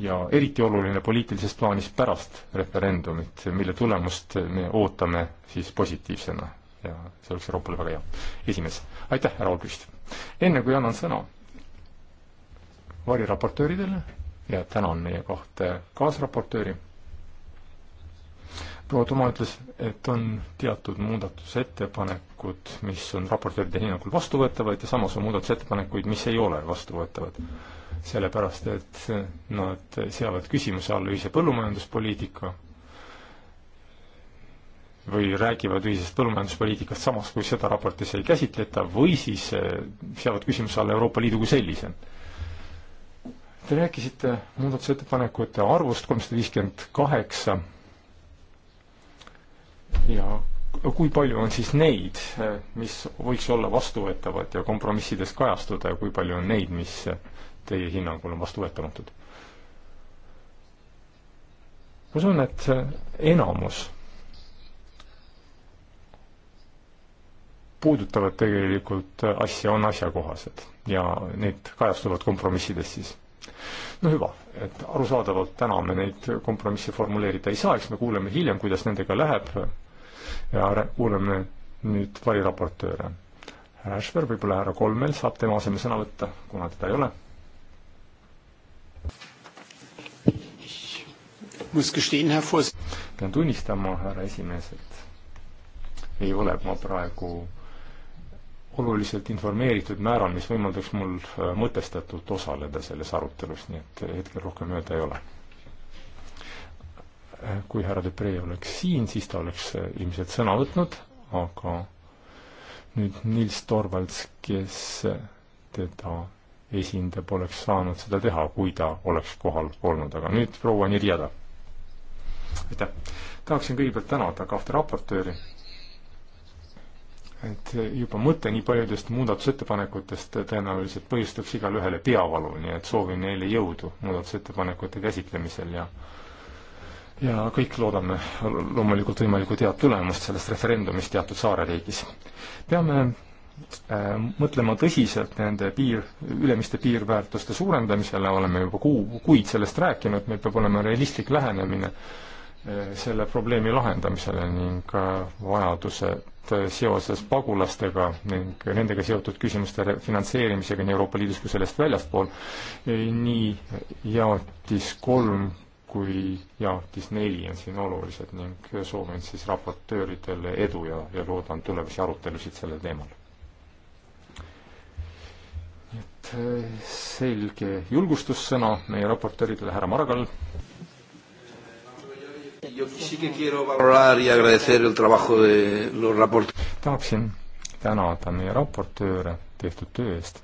ja eriti oluline poliitilises plaanis pärast referendumit, mille tulemust me ootame siis positiivsena ja see oleks Euroopale väga hea. esimees, aitäh, härra Olbrist! enne kui annan sõna variraportööridele ja tänan meie kahte kaasraportööri proua Toma ütles, et on teatud muudatusettepanekud, mis on raportööride hinnangul vastuvõetavad ja samas on muudatusettepanekuid, mis ei ole vastuvõetavad. sellepärast, et nad seavad küsimuse alla ühise põllumajanduspoliitika või räägivad ühisest põllumajanduspoliitikast samas, kui seda raportis ei käsitleta, või siis eh, seavad küsimuse alla Euroopa Liidu kui sellise Te rääkisite muudatusettepanekute arvust kolmsada viiskümmend kaheksa ja kui palju on siis neid, mis võiks olla vastuvõetavad ja kompromissides kajastuda ja kui palju on neid, mis teie hinnangul on vastuvõetamatud? ma usun, et enamus puudutavad tegelikult asja, on asjakohased ja need kajastuvad kompromissides siis. no hüva, et arusaadavalt täna me neid kompromisse formuleerida ei saa, eks me kuuleme hiljem, kuidas nendega läheb ja kuulame nüüd variraportööre. härra Ashver, võib-olla härra Kolmel saab tema asemel sõna võtta, kuna teda ei ole. pean tunnistama, härra esimees, et ei ole ma praegu oluliselt informeeritud määral, mis võimaldaks mul äh, mõtestatult osaleda selles arutelus, nii et hetkel rohkem öelda ei ole kui härra Depree oleks siin, siis ta oleks äh, ilmselt sõna võtnud, aga nüüd Nils Torvalds, kes äh, teda esindab, oleks saanud seda teha, kui ta oleks kohal olnud, aga nüüd proua Nirjada. aitäh. tahaksin kõigepealt tänada kahte raportööri, et juba mõte nii paljudest muudatusettepanekutest tõenäoliselt põhjustaks igale ühele peavalu, nii et soovin neile jõudu muudatusettepanekute käsitlemisel ja äh, ja kõik loodame loomulikult võimalikult head tulemust sellest referendumist teatud saareriigis. peame äh, mõtlema tõsiselt nende piir, ülemiste piirväärtuste suurendamisele, oleme juba kuu, kuid sellest rääkinud, meil peab olema realistlik lähenemine äh, selle probleemi lahendamisele ning vajadused äh, seoses pagulastega ning nendega seotud küsimuste finantseerimisega nii Euroopa Liidus kui sellest väljaspool, nii jaotis kolm kui jaotis neli on siin olulised ning soovin siis raportööridele edu ja, ja loodan tulevasi arutelusid sellel teemal. et äh, selge julgustussõna meie raportööridele, härra Margal. tahaksin tänada meie raportööre tehtud töö eest.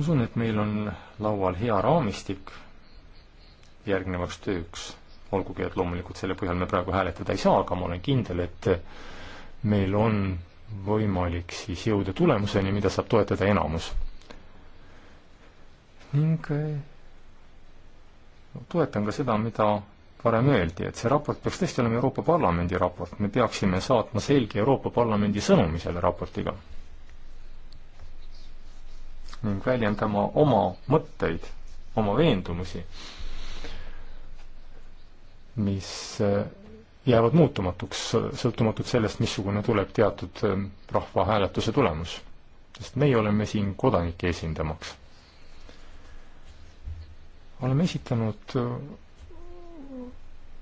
usun, et meil on laual hea raamistik järgnevaks tööks, olgugi et loomulikult selle põhjal me praegu hääletada ei saa, aga ma olen kindel, et meil on võimalik siis jõuda tulemuseni, mida saab toetada enamus. ning toetan ka seda, mida varem öeldi, et see raport peaks tõesti olema Euroopa Parlamendi raport, me peaksime saatma selge Euroopa Parlamendi sõnumi selle raportiga ning väljendama oma mõtteid, oma veendumusi, mis äh, jäävad muutumatuks, sõltumatult sellest, missugune tuleb teatud ähm, rahvahääletuse tulemus. sest meie oleme siin kodanikke esindamaks. oleme esitanud äh,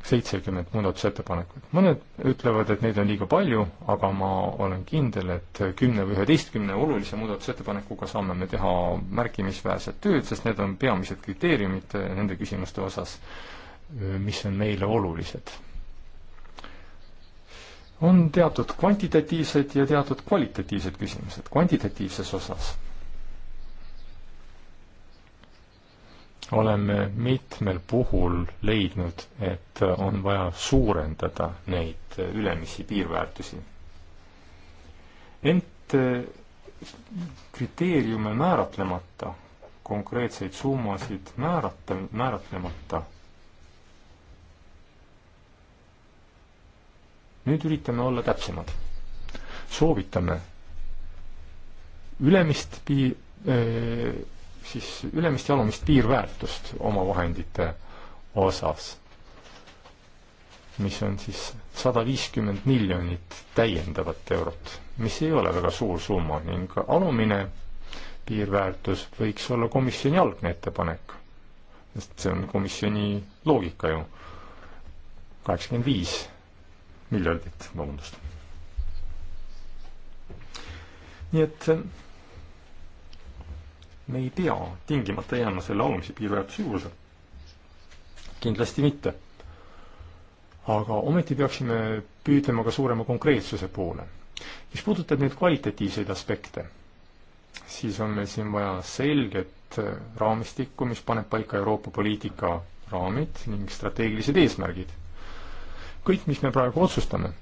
seitsekümmend muudatusettepanekut. mõned ütlevad, et neid on liiga palju, aga ma olen kindel, et kümne või üheteistkümne olulise muudatusettepanekuga saame me teha märkimisväärset tööd, sest need on peamised kriteeriumid nende küsimuste osas, mis on meile olulised. on teatud kvantitatiivsed ja teatud kvalitatiivsed küsimused. kvantitatiivses osas oleme mitmel puhul leidnud, et on vaja suurendada neid ülemisi piirväärtusi. ent eh, kriteeriume määratlemata, konkreetseid summasid määrata, määratlemata, nüüd üritame olla täpsemad. soovitame ülemist pii-, eh, siis ülemist ja alumist piirväärtust oma vahendite osas, mis on siis sada viiskümmend miljonit täiendavat eurot, mis ei ole väga suur summa ning alumine piirväärtus võiks olla komisjoni algne ettepanek, sest see on komisjoni loogika ju, kaheksakümmend viis miljardit, vabandust. nii et me ei pea tingimata jääma selle alumise piirväärtuse juurde. kindlasti mitte. aga ometi peaksime püüdlema ka suurema konkreetsuse poole. mis puudutab nüüd kvalitatiivseid aspekte, siis on meil siin vaja selget raamistikku, mis paneb paika Euroopa poliitika raamid ning strateegilised eesmärgid. kõik, mis me praegu otsustame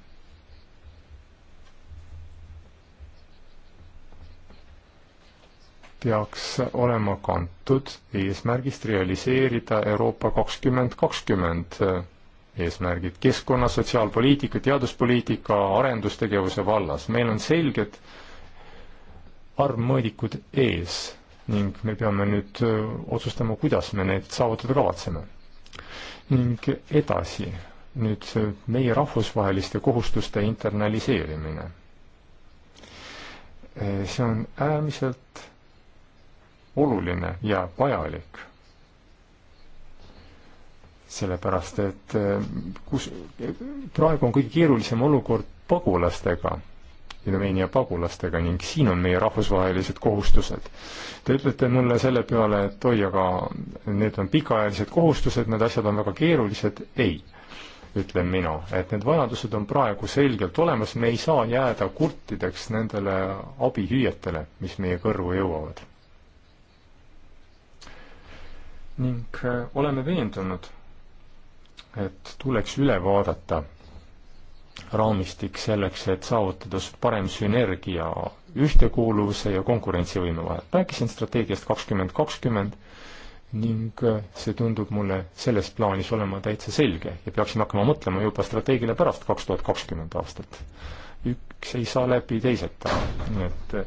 peaks olema kantud eesmärgist realiseerida Euroopa kakskümmend kakskümmend eh, eesmärgid keskkonna, sotsiaalpoliitika, teaduspoliitika, arendustegevuse vallas. meil on selged arvmõõdikud ees ning me peame nüüd eh, otsustama, kuidas me need saavutada kavatseme. ning edasi nüüd meie rahvusvaheliste kohustuste internaliseerimine. Eh, see on äärmiselt oluline ja vajalik. sellepärast, et eh, kus, praegu on kõige keerulisem olukord pagulastega, Rumeenia pagulastega ning siin on meie rahvusvahelised kohustused. Te ütlete mulle selle peale, et oi, aga need on pikaajalised kohustused, need asjad on väga keerulised, ei ütlen mina, et need vajadused on praegu selgelt olemas, me ei saa jääda kurtideks nendele abihüüetele, mis meie kõrvu jõuavad ning äh, oleme veendunud, et tuleks üle vaadata raamistik selleks, et saavutada parem sünergia ühtekuuluvuse ja konkurentsivõime vahel. rääkisin strateegiast kakskümmend kakskümmend ning äh, see tundub mulle selles plaanis olema täitsa selge ja peaksime hakkama mõtlema juba strateegile pärast kaks tuhat kakskümmend aastat. üks ei saa läbi teiseta, nii et äh,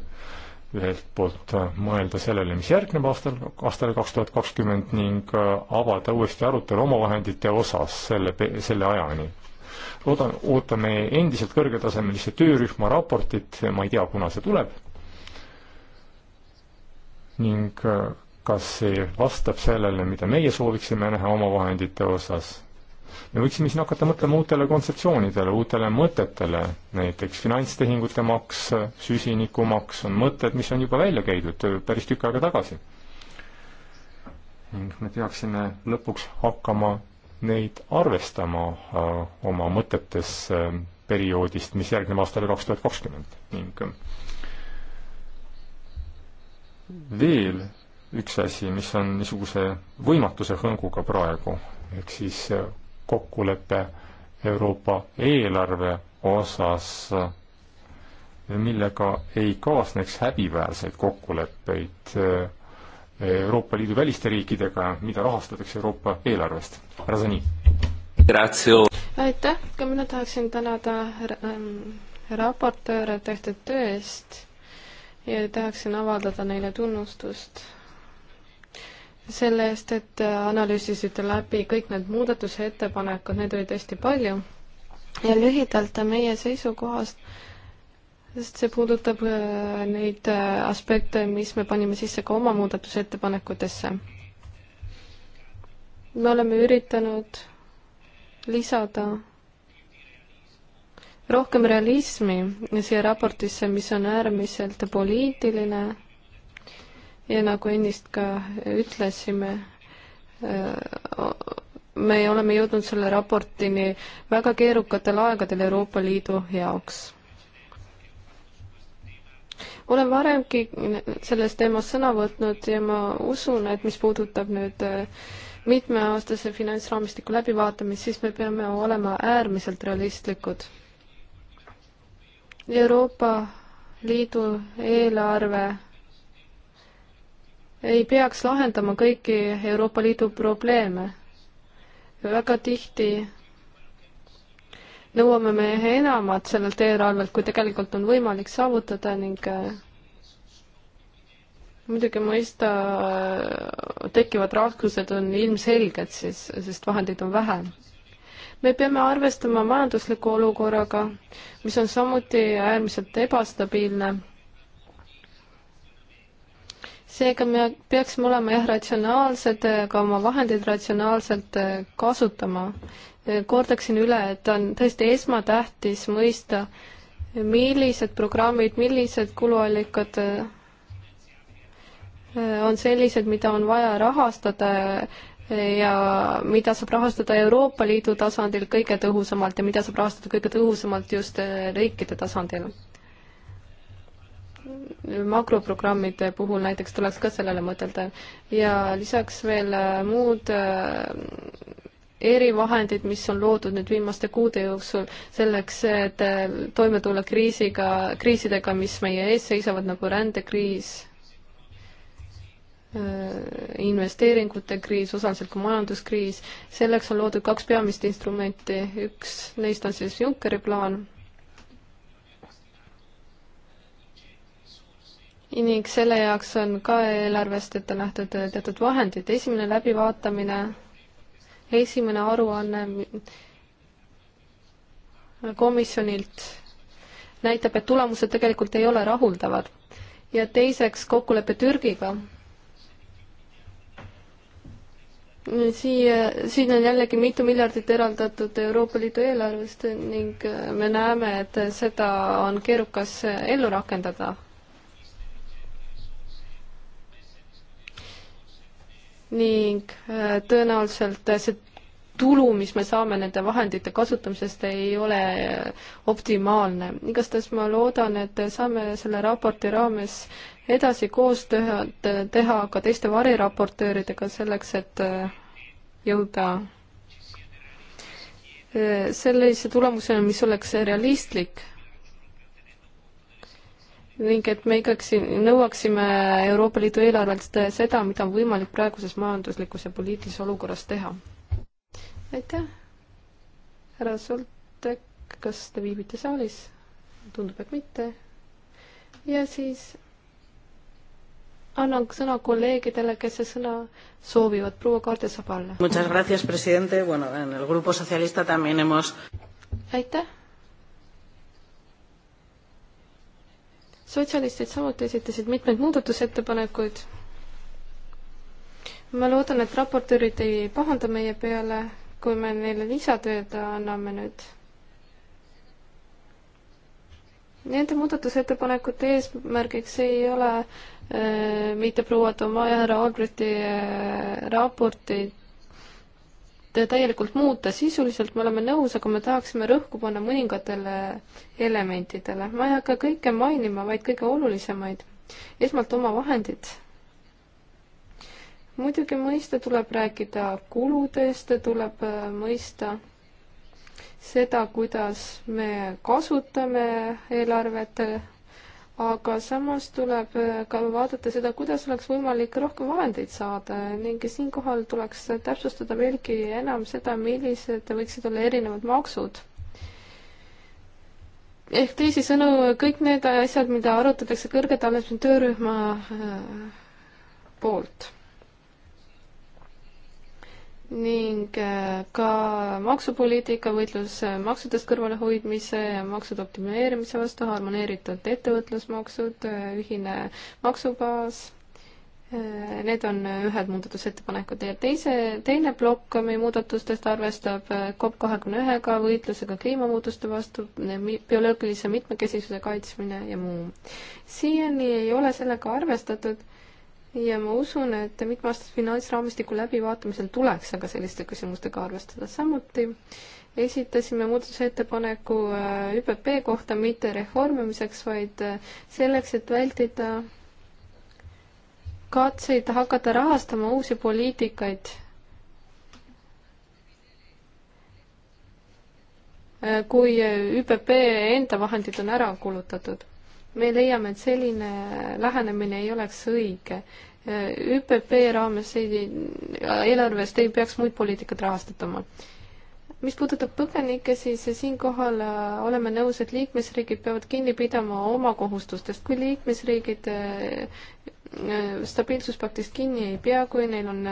ühelt poolt äh, mõelda sellele, mis järgneb aastal, aastale kaks tuhat kakskümmend ning äh, avada uuesti arutelu omavahendite osas selle, selle ajani. loodan, ootame endiselt kõrgetasemelise töörühma raportit, ma ei tea, kuna see tuleb, ning äh, kas see vastab sellele, mida meie sooviksime näha omavahendite osas me võiksime siin hakata mõtlema uutele kontseptsioonidele, uutele mõtetele, näiteks finantstehingute maks, süsinikumaks on mõtted, mis on juba välja käidud päris tükk aega tagasi. ning me peaksime lõpuks hakkama neid arvestama öö, äh, oma mõtetes öö, äh, perioodist, mis järgneb aastale kaks tuhat kakskümmend ning äh, veel üks asi, mis on niisuguse võimatuse hõnguga praegu, ehk siis kokkulepe Euroopa eelarve osas, millega ei kaasneks häbiväärseid kokkuleppeid eh, Euroopa Liidu väliste riikidega, mida rahastatakse Euroopa eelarvest. härra Sani. aitäh, ka mina tahaksin tänada ähm, raportööre tehtud töö eest ja tahaksin avaldada neile tunnustust selle eest, et äh, analüüsisite läbi kõik need muudatusettepanekud, neid oli tõesti palju. ja lühidalt meie seisukohast, sest see puudutab äh, neid äh, aspekte, mis me panime sisse ka oma muudatusettepanekutesse. me oleme üritanud lisada rohkem realismi siia raportisse, mis on äärmiselt poliitiline ja nagu ennist ka ütlesime, äh, me oleme jõudnud selle raportini väga keerukatel aegadel Euroopa Liidu jaoks. olen varemgi selles teemas sõna võtnud ja ma usun, et mis puudutab nüüd äh, mitmeaastase finantsraamistiku läbivaatamist, siis me peame olema äärmiselt realistlikud. Euroopa Liidu eelarve ei peaks lahendama kõiki Euroopa Liidu probleeme. väga tihti nõuame me enamat sellelt eelarvelt, kui tegelikult on võimalik saavutada ning äh, muidugi mõista äh, tekivad raskused on ilmselged siis, sest vahendeid on vähe. me peame arvestama majandusliku olukorraga, mis on samuti äärmiselt ebastabiilne seega me peaksime olema jah, ratsionaalsed, ka oma vahendeid ratsionaalselt äh, kasutama. Äh, kordaksin üle, et on tõesti esmatähtis mõista, millised programmid, millised kuluallikad äh, on sellised, mida on vaja rahastada ja mida saab rahastada Euroopa Liidu tasandil kõige tõhusamalt ja mida saab rahastada kõige tõhusamalt just riikide tasandil makroprogrammide puhul näiteks tuleks ka sellele mõtelda ja lisaks veel äh, muud äh, erivahendid, mis on loodud nüüd viimaste kuude jooksul selleks, et äh, toime tulla kriisiga, kriisidega, mis meie ees seisavad, nagu rändekriis, investeeringute kriis, osaliselt ka majanduskriis, selleks on loodud kaks peamist instrumenti, üks neist on siis Junckeri plaan ning selle jaoks on ka eelarvest ette nähtud teatud vahendid. esimene läbivaatamine, esimene aruanne komisjonilt näitab, et tulemused tegelikult ei ole rahuldavad. ja teiseks kokkulepe Türgiga. siia, siin on jällegi mitu miljardit eraldatud Euroopa Liidu eelarvest ning me näeme, et seda on keerukas ellu rakendada ning äh, tõenäoliselt äh, see tulu, mis me saame nende vahendite kasutamisest, ei ole äh, optimaalne. igastahes ma loodan, et saame selle raporti raames edasi koostööd teha ka teiste variraportööridega selleks, et jõuda sellise tulemuseni, mis oleks realistlik ning et me igaks, nõuaksime Euroopa Liidu eelarvelt seda, mida on võimalik praeguses majanduslikus ja poliitilises olukorras teha. aitäh, härra Soltek, kas te viibite saalis? tundub, et mitte. ja siis annan sõna kolleegidele, kes see sõna soovivad. proua Kaarde Sabal. aitäh sotsialistid samuti esitasid mitmeid muudatusettepanekuid. ma loodan, et raportöörid ei pahanda meie peale, kui me neile lisatööd anname nüüd. Nende muudatusettepanekute eesmärgiks ei ole äh, mitte proua Toma ja härra Albreti äh, raportit täielikult muuta, sisuliselt me oleme nõus, aga me tahaksime rõhku panna mõningatele elementidele. ma ei hakka kõike mainima, vaid kõige olulisemaid. esmalt oma vahendid. muidugi mõista tuleb rääkida kuludest, tuleb äh, mõista seda, kuidas me kasutame eelarvet aga samas tuleb äh, ka vaadata seda, kuidas oleks võimalik rohkem vahendeid saada ning siinkohal tuleks täpsustada veelgi enam seda, millised võiksid olla erinevad maksud. ehk teisisõnu, kõik need asjad, mida arutatakse kõrgetasemel töörühma äh, poolt ning äh, ka maksupoliitika, võitlus äh, maksudest kõrvalehoidmise ja maksude optimeerimise vastu, harmoneeritud ettevõtlusmaksud, äh, ühine maksubaas, need on ühed muudatusettepanekud ja teise, teine plokk meie muudatustest arvestab COP kahekümne ühega, võitlusega kliimamuutuste vastu, bioloogilise mitmekesisuse kaitsmine ja muu. siiani ei ole sellega arvestatud ja ma usun, et mitmeaastase finantsraamistiku läbivaatamisel tuleks aga selliste küsimustega arvestada. samuti esitasime muudatusettepaneku äh, ÜPP kohta mitte reformimiseks, vaid äh, selleks, et vältida katseid hakata rahastama uusi poliitikaid, äh, kui ÜPP enda vahendid on ära kulutatud me leiame, et selline lähenemine ei oleks õige. ÜPP raames ei, eelarvest ei peaks muid poliitikat rahastatama mis puudutab põgenikke, siis siinkohal äh, oleme nõus, et liikmesriigid peavad kinni pidama oma kohustustest, kui liikmesriigid äh, äh, stabiilsuspaktist kinni ei pea, kui neil on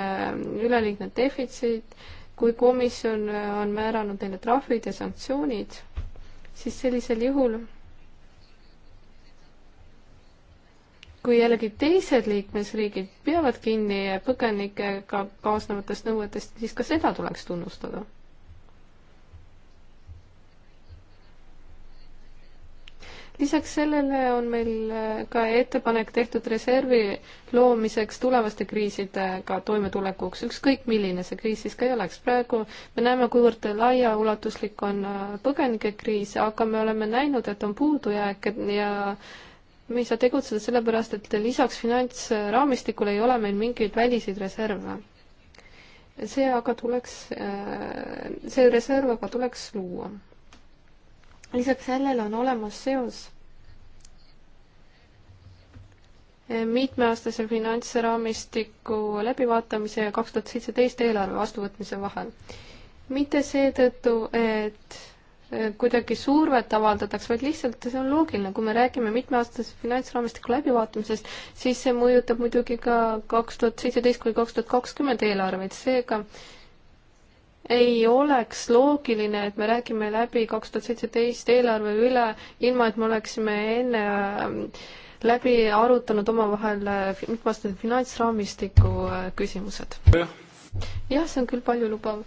üleliigne defitsiit, kui komisjon on määranud neile trahvid ja sanktsioonid, siis sellisel juhul kui jällegi teised liikmesriigid peavad kinni põgenikega kaasnevatest nõuetest, siis ka seda tuleks tunnustada. lisaks sellele on meil ka ettepanek tehtud reservi loomiseks tulevaste kriisidega toimetulekuks, ükskõik milline see kriis siis ka ei oleks. praegu me näeme, kuivõrd laiaulatuslik on põgenikekriis, aga me oleme näinud, et on puudujääk ja äh, me ei saa tegutseda sellepärast, et lisaks finantsraamistikule ei ole meil mingeid väliseid reserve. see aga tuleks, äh, see reserv aga tuleks luua. lisaks sellele on olemas seos äh, mitmeaastase finantsraamistiku läbivaatamise ja kaks tuhat seitseteist eelarve vastuvõtmise vahel. mitte seetõttu, et kuidagi survet avaldataks, vaid lihtsalt see on loogiline, kui me räägime mitmeaastase finantsraamistiku läbivaatamisest, siis see mõjutab muidugi ka kaks tuhat seitseteist kuni kaks tuhat kakskümmend eelarveid, seega ei oleks loogiline, et me räägime läbi kaks tuhat seitseteist eelarve üle, ilma et me oleksime enne ähm, läbi arutanud omavahel äh, mitmeaastase finantsraamistiku äh, küsimused. jah, see on küll paljulubav.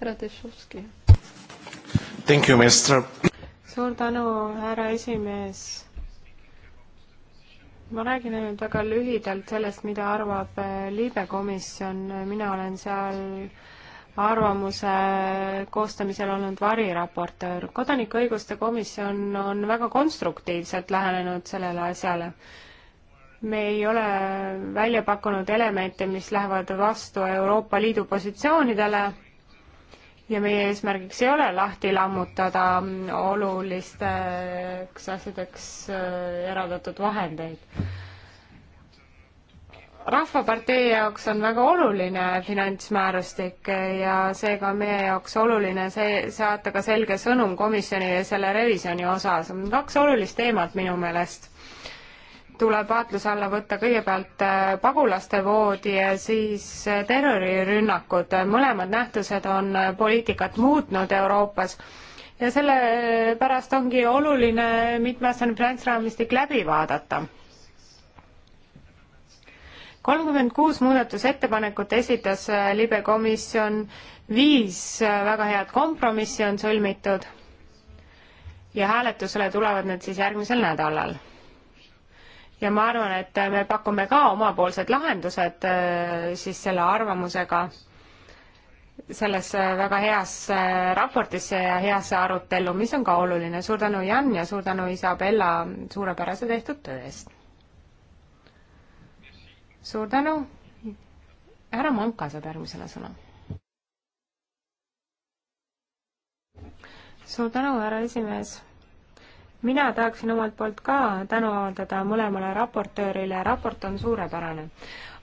härra Dešovski Thank you, minister. suur tänu, härra esimees. ma räägin ainult väga lühidalt sellest, mida arvab eh, Liibe komisjon, mina olen seal arvamuse koostamisel olnud variraportöör. kodanikuõiguste komisjon on väga konstruktiivselt lähenenud sellele asjale. me ei ole välja pakkunud elemente, mis lähevad vastu Euroopa Liidu positsioonidele ja meie eesmärgiks ei ole lahti lammutada olulisteks asjadeks äh, eraldatud vahendeid. rahvapartei jaoks on väga oluline finantsmäärustik ja seega on meie jaoks oluline see, saata ka selge sõnum komisjonile selle revisjoni osas. kaks olulist teemat minu meelest tuleb vaatluse alla võtta kõigepealt äh, pagulaste vood ja siis äh, terrorirünnakud. mõlemad nähtused on äh, poliitikat muutnud Euroopas ja sellepärast ongi oluline mitmeaastane finantsraamistik läbi vaadata. kolmkümmend kuus muudatusettepanekut esitas libe komisjon, viis väga head kompromissi on sõlmitud ja hääletusele tulevad need siis järgmisel nädalal ja ma arvan, et me pakume ka omapoolsed lahendused äh, siis selle arvamusega selles äh, väga heas äh, raportisse ja heasse arutellu, mis on ka oluline. suur tänu, Jan, ja suur tänu, Isabella, suurepärase tehtud töö eest! suur tänu! härra Manka saab järgmisena sõna. suur tänu, härra esimees mina tahaksin omalt poolt ka tänu avaldada mõlemale raportöörile, raport on suurepärane.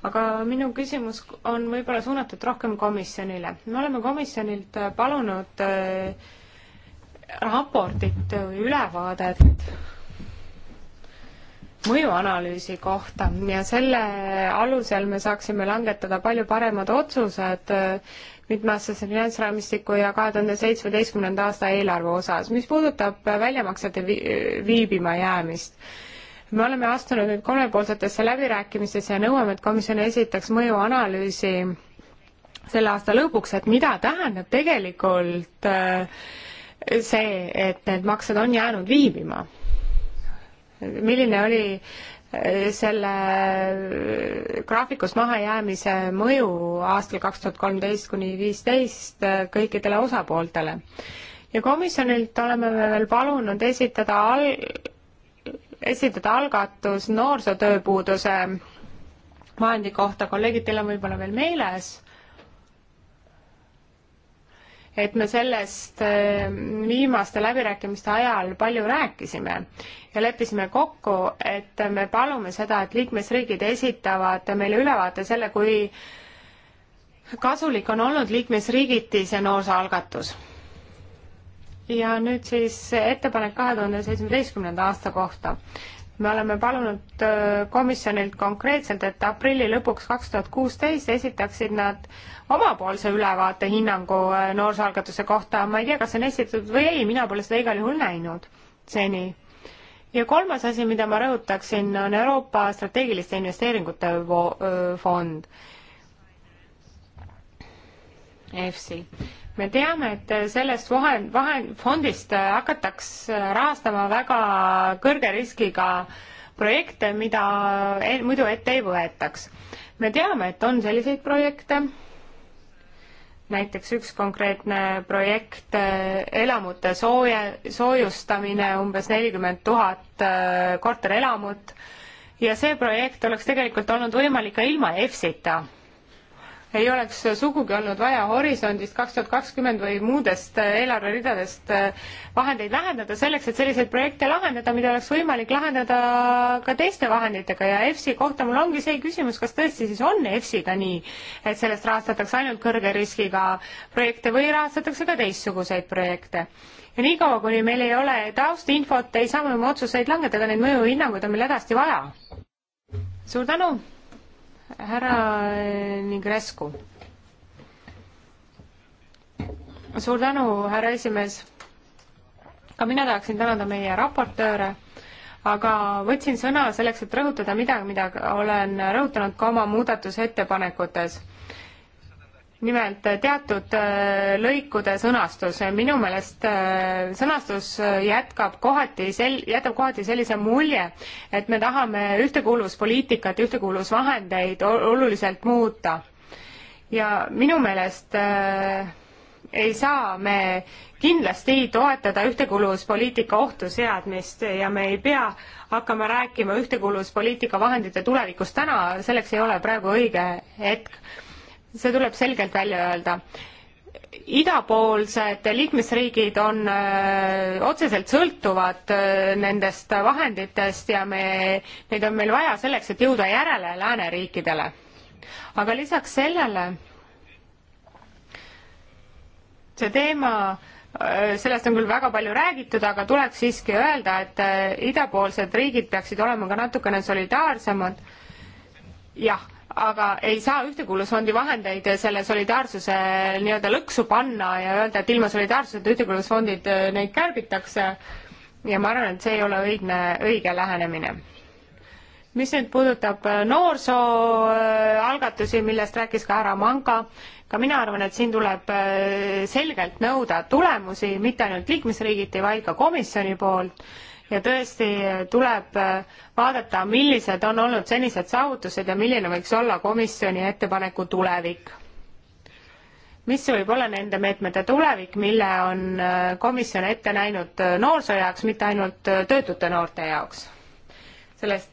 aga minu küsimus on võib-olla suunatud rohkem komisjonile. me oleme komisjonilt palunud äh, raportit või ülevaadet mõjuanalüüsi kohta ja selle alusel me saaksime langetada palju paremad otsused äh, mitmeaastase finantsraamistiku ja kahe tuhande seitsmeteistkümnenda aasta eelarve osas, mis puudutab väljamaksete vi viibima jäämist me oleme astunud nüüd kolmepoolsetesse läbirääkimistesse ja nõuame, et komisjon esitaks mõjuanalüüsi selle aasta lõpuks, et mida tähendab tegelikult äh, see, et need maksed on jäänud viibima. milline oli selle graafikust mahajäämise mõju aastal kaks tuhat kolmteist kuni viisteist kõikidele osapooltele. ja komisjonilt oleme me veel palunud esitada al-, esitada algatus noorsootööpuuduse vahendi kohta, kolleegid, teil on võib-olla veel meeles, et me sellest eh, viimaste läbirääkimiste ajal palju rääkisime ja leppisime kokku, et me palume seda, et liikmesriigid esitavad meile ülevaate selle, kui kasulik on olnud liikmesriigiti see noorsooalgatus. ja nüüd siis ettepanek kahe tuhande seitsmeteistkümnenda aasta kohta. me oleme palunud äh, komisjonilt konkreetselt, et aprilli lõpuks kaks tuhat kuusteist esitaksid nad omapoolse ülevaate hinnangu äh, noorsooalgatuse kohta, ma ei tea, kas see on esitatud või ei, mina pole seda igal juhul näinud seni ja kolmas asi, mida ma rõhutaksin, on Euroopa strateegiliste investeeringute fond, EFSI. me teame, et sellest vahend, vahend, fondist hakatakse rahastama väga kõrge riskiga projekte, mida e-, muidu ette ei võetaks. me teame, et on selliseid projekte näiteks üks konkreetne projekt, eh, elamute sooja, soojustamine, umbes nelikümmend tuhat eh, korterelamut ja see projekt oleks tegelikult olnud võimalik ka ilma EFSita ei oleks sugugi olnud vaja Horisondist kaks tuhat kakskümmend või muudest eelarveridadest äh, vahendeid vähendada selleks, et selliseid projekte lahendada, mida oleks võimalik lahendada ka teiste vahenditega ja EFSI kohta mul ongi see küsimus, kas tõesti siis on EFSI-ga nii, et sellest rahastatakse ainult kõrge riskiga projekte või rahastatakse ka teistsuguseid projekte? ja niikaua, kuni meil ei ole taustinfot, ei saa me oma otsuseid langetada, neid mõjuhinnanguid on meil hädasti vaja. suur tänu! härra eh, Nigrescu. suur tänu, härra esimees. ka mina tahaksin tänada meie raportööre, aga võtsin sõna selleks, et rõhutada midagi, mida olen rõhutanud ka oma muudatusettepanekutes nimelt äh, teatud äh, lõikude sõnastus. minu meelest äh, sõnastus jätkab kohati sel-, jätab kohati sellise mulje, et me tahame ühtekuuluvuspoliitikat, ühtekuuluvusvahendeid oluliselt muuta. ja minu meelest äh, ei saa me kindlasti toetada ühtekuuluvuspoliitika ohtu seadmist ja me ei pea hakkama rääkima ühtekuuluvuspoliitika vahendite tulevikust täna, selleks ei ole praegu õige hetk see tuleb selgelt välja öelda idapoolsed liikmesriigid on öö, äh, otseselt sõltuvad öö, äh, nendest vahenditest ja me, neid on meil vaja selleks, et jõuda järele lääneriikidele. aga lisaks sellele see teema öö, äh, sellest on küll väga palju räägitud, aga tuleks siiski öelda, et idapoolsed riigid peaksid olema ka natukene solidaarsemad. jah aga ei saa Ühtekuuluvusfondi vahendeid selle solidaarsuse nii-öelda lõksu panna ja öelda, et ilma solidaarsuseta Ühtekuuluvusfondid, äh, neid kärbitakse ja ma arvan, et see ei ole õigne, õige lähenemine mis nüüd puudutab äh, noorsooalgatusi, äh, millest rääkis ka härra Manka, ka mina arvan, et siin tuleb selgelt nõuda tulemusi, mitte ainult liikmesriigiti, vaid ka komisjoni poolt ja tõesti eh, tuleb eh, vaadata, millised on olnud senised saavutused ja milline võiks olla komisjoni ettepaneku tulevik. mis võib olla nende meetmete tulevik, mille on eh, komisjon ette näinud noorsoo jaoks, mitte ainult töötute noorte jaoks? sellest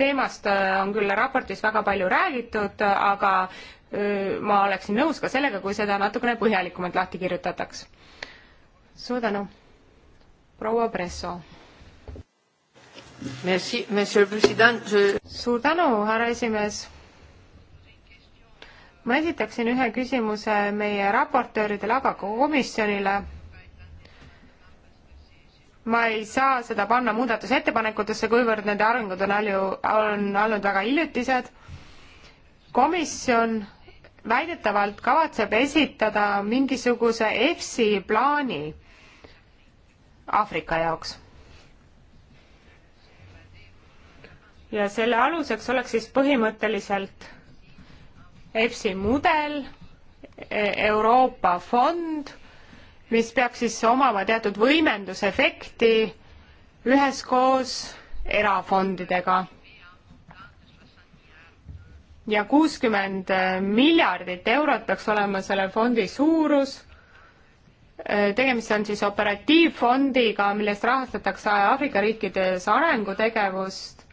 teemast on küll raportis väga palju räägitud, aga ma oleksin nõus ka sellega, kui seda natukene põhjalikumalt lahti kirjutataks. suur tänu! proua Presso. Merci, monsieur president Je.... suur tänu, härra esimees. ma esitaksin ühe küsimuse meie raportööridele, aga ka komisjonile. ma ei saa seda panna muudatusettepanekutesse, kuivõrd nende arengud on palju, on olnud väga hiljutised. komisjon väidetavalt kavatseb esitada mingisuguse EFSI plaani Aafrika jaoks. ja selle aluseks oleks siis põhimõtteliselt EFSI mudel, e-, Euroopa fond, mis peaks siis omama teatud võimendusefekti üheskoos erafondidega. ja kuuskümmend miljardit eurot peaks olema selle fondi suurus Äh, tegemist on siis operatiivfondiga, millest rahastatakse Aafrika riikides arengutegevust,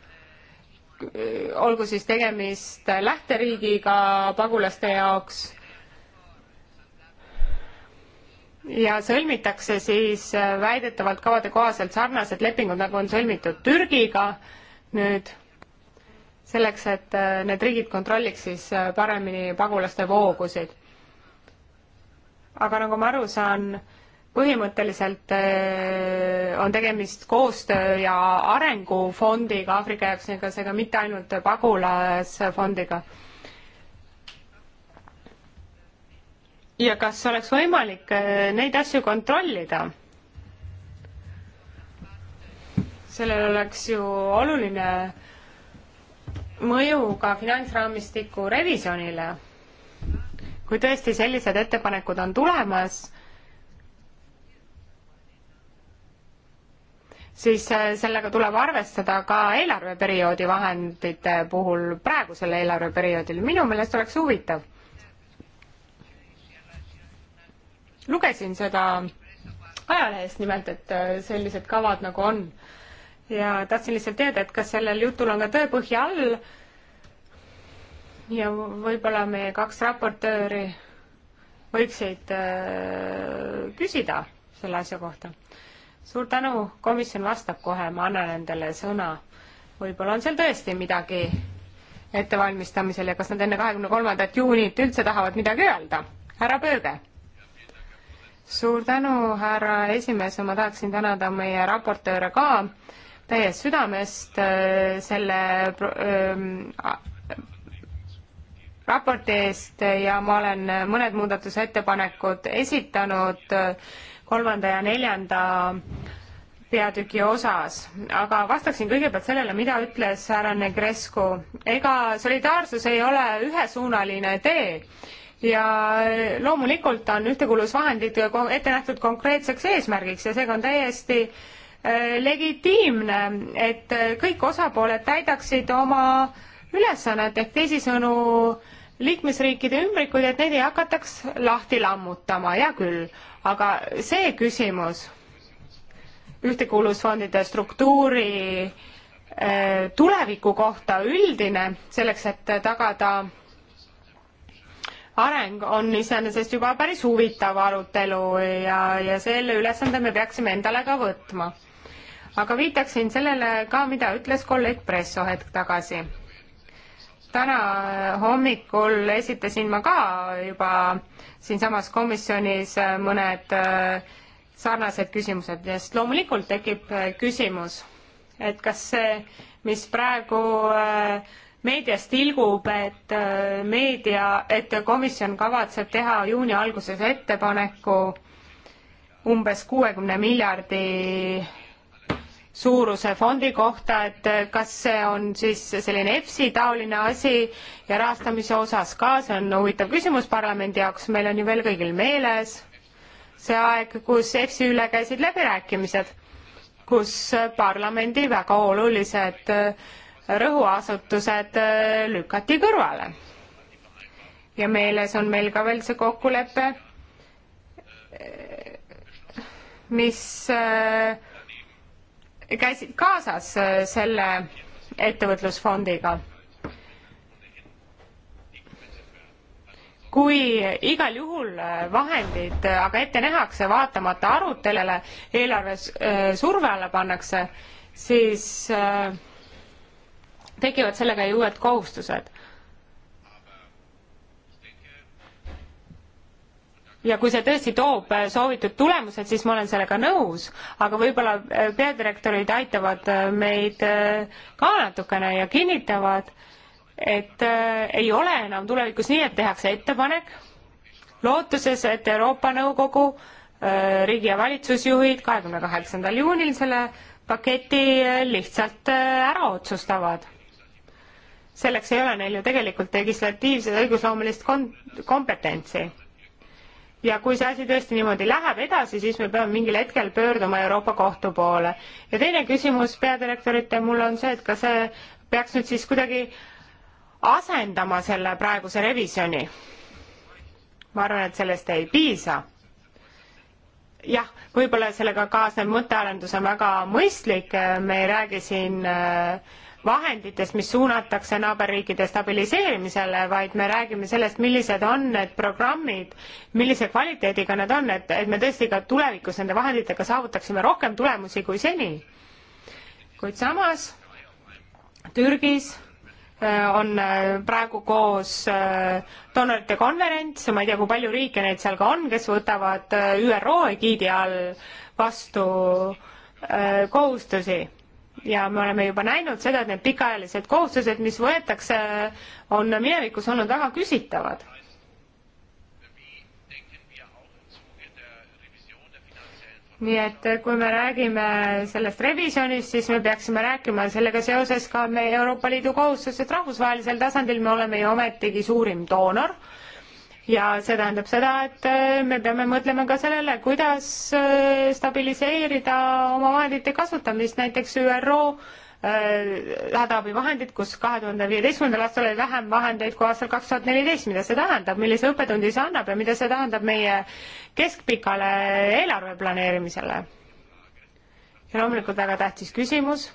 äh, olgu siis tegemist lähteriigiga pagulaste jaoks ja sõlmitakse siis äh, väidetavalt kavade kohaselt sarnased lepingud, nagu on sõlmitud Türgiga nüüd, selleks et need riigid kontrolliks siis paremini pagulaste voogusid aga nagu ma aru saan, põhimõtteliselt äh, on tegemist koostöö ja arengufondiga Aafrika jaoks, ega seega mitte ainult pagulasfondiga. ja kas oleks võimalik äh, neid asju kontrollida? sellel oleks ju oluline mõju ka finantsraamistiku revisjonile kui tõesti sellised ettepanekud on tulemas, siis äh, sellega tuleb arvestada ka eelarveperioodi vahendite puhul praegusel eelarveperioodil. minu meelest oleks huvitav. lugesin seda ajalehest nimelt, et äh, sellised kavad nagu on ja tahtsin lihtsalt teada, et kas sellel jutul on ka tõepõhja all ja võib-olla meie kaks raportööri võiksid äh, küsida selle asja kohta. suur tänu, komisjon vastab kohe, ma annan endale sõna. võib-olla on seal tõesti midagi ettevalmistamisel ja kas nad enne kahekümne kolmandat juunit üldse tahavad midagi öelda? härra Pööge. suur tänu, härra esimees, ma tahaksin tänada meie raportööre ka täiest südamest äh, selle äh, raporti eest ja ma olen mõned muudatusettepanekud esitanud kolmanda ja neljanda peatüki osas, aga vastaksin kõigepealt sellele, mida ütles härra Negrescu. ega solidaarsus ei ole ühesuunaline tee ja loomulikult on ühtekuuluvusvahendid ette nähtud konkreetseks eesmärgiks ja seega on täiesti äh, legitiimne, et kõik osapooled täidaksid oma ülesannet ehk teisisõnu äh, liikmesriikide ümbrikuid, et neid ei hakataks lahti lammutama, hea küll, aga see küsimus ühtekuuluvusfondide struktuuri äh, tuleviku kohta üldine, selleks et tagada areng, on iseenesest juba päris huvitav arutelu ja, ja selle ülesande me peaksime endale ka võtma. aga viitaksin sellele ka, mida ütles kolleeg Presso hetk tagasi täna äh, hommikul esitasin ma ka juba siinsamas komisjonis äh, mõned äh, sarnased küsimused, sest loomulikult tekib küsimus, et kas see, mis praegu meedias tilgub, et meedia, et komisjon kavatseb teha juuni alguses ettepaneku umbes kuuekümne miljardi suuruse fondi kohta, et kas see on siis selline EFSI taoline asi ja rahastamise osas ka, see on huvitav küsimus parlamendi jaoks, meil on ju veel kõigil meeles see aeg, kus EFSI üle käisid läbirääkimised, kus parlamendi väga olulised äh, rõhuasutused äh, lükati kõrvale. ja meeles on meil ka veel see kokkulepe, äh, mis äh, käisid kaasas äh, selle ettevõtlusfondiga. kui igal juhul äh, vahendid äh, aga ette nähakse, vaatamata arutelele, eelarves surve alla pannakse, siis tekivad sellega ju uued kohustused ja kui see tõesti toob äh, soovitud tulemused, siis ma olen sellega nõus, aga võib-olla äh, peadirektorid aitavad äh, meid ka natukene ja kinnitavad, et ei ole enam tulevikus nii, et tehakse ettepanek lootuses, et Euroopa Nõukogu riigi- ja valitsusjuhid kahekümne kaheksandal juunil selle paketi lihtsalt ära otsustavad selleks ei ole neil ju tegelikult legislatiivset õigusloomulist kom-, kompetentsi ja kui see asi tõesti niimoodi läheb edasi, siis me peame mingil hetkel pöörduma Euroopa Kohtu poole. ja teine küsimus peadirektorite mul on see, et kas see peaks nüüd siis kuidagi asendama selle praeguse revisjoni? ma arvan, et sellest ei piisa. jah, võib-olla sellega kaasnev mõttearendus on väga mõistlik, me ei räägi siin äh, vahenditest, mis suunatakse naaberriikide stabiliseerimisele, vaid me räägime sellest, millised on need programmid, millise kvaliteediga nad on, et, et me tõesti ka tulevikus nende vahenditega saavutaksime rohkem tulemusi kui seni. kuid samas Türgis äh, on äh, praegu koos äh, donorite konverents, ma ei tea, kui palju riike neid seal ka on, kes võtavad ÜRO egiidi all vastu kohustusi ja me oleme juba näinud seda, et need pikaajalised kohustused, mis võetakse, on minevikus olnud väga küsitavad. nii et kui me räägime sellest revisjonist, siis me peaksime rääkima sellega seoses ka meie Euroopa Liidu kohustused rahvusvahelisel tasandil, me oleme ju ometigi suurim doonor äh, ja see tähendab seda, et äh, me peame mõtlema ka sellele, kuidas äh, stabiliseerida oma vahendite kasutamist, näiteks ÜRO äh, hädaabivahendid, kus kahe tuhande viieteistkümnendal aastal oli vähem vahendeid kui aastal kaks tuhat neliteist, mida see tähendab, millise õppetundi see annab ja mida see tähendab meie keskpikale eelarve planeerimisele? ja loomulikult väga tähtis küsimus.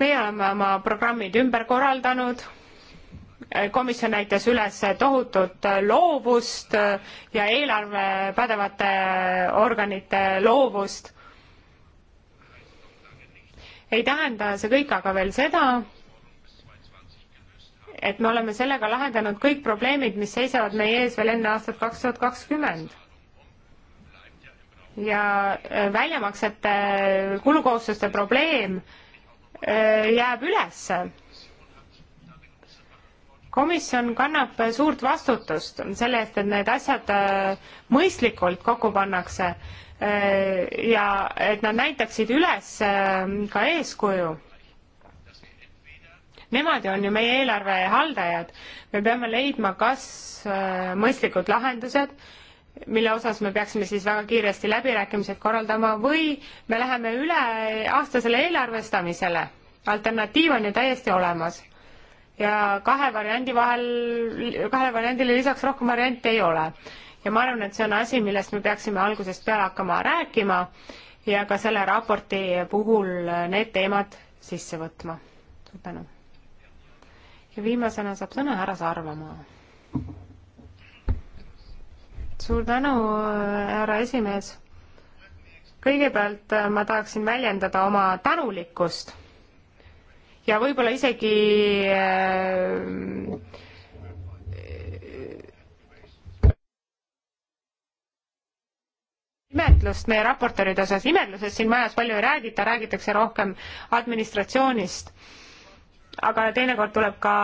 meie oleme oma programmid ümber korraldanud komisjon näitas üles tohutut loovust ja eelarve pädevate organite loovust. ei tähenda see kõik aga veel seda, et me oleme sellega lahendanud kõik probleemid, mis seisavad meie ees veel enne aastat kaks tuhat kakskümmend ja väljamaksete kulukohustuste probleem äh, jääb ülesse komisjon kannab suurt vastutust selle eest, et need asjad äh, mõistlikult kokku pannakse äh, ja et nad näitaksid üles äh, ka eeskuju. Nemad ju on ju meie eelarve haldajad. me peame leidma, kas mõistlikud lahendused, mille osas me peaksime siis väga kiiresti läbirääkimised korraldama või me läheme üle aastasele eelarvestamisele. alternatiiv on ju täiesti olemas ja kahe variandi vahel, kahele variandile lisaks rohkem variante ei ole. ja ma arvan, et see on asi, millest me peaksime algusest peale hakkama rääkima ja ka selle raporti puhul need teemad sisse võtma. suur tänu. ja viimasena saab sõna härra Sarvamaa. suur tänu, härra esimees. kõigepealt ma tahaksin väljendada oma tänulikkust ja võib-olla isegi äh, imetlust meie raportööride osas, imetlusest siin majas palju ei räägita, räägitakse rohkem administratsioonist. aga teinekord tuleb ka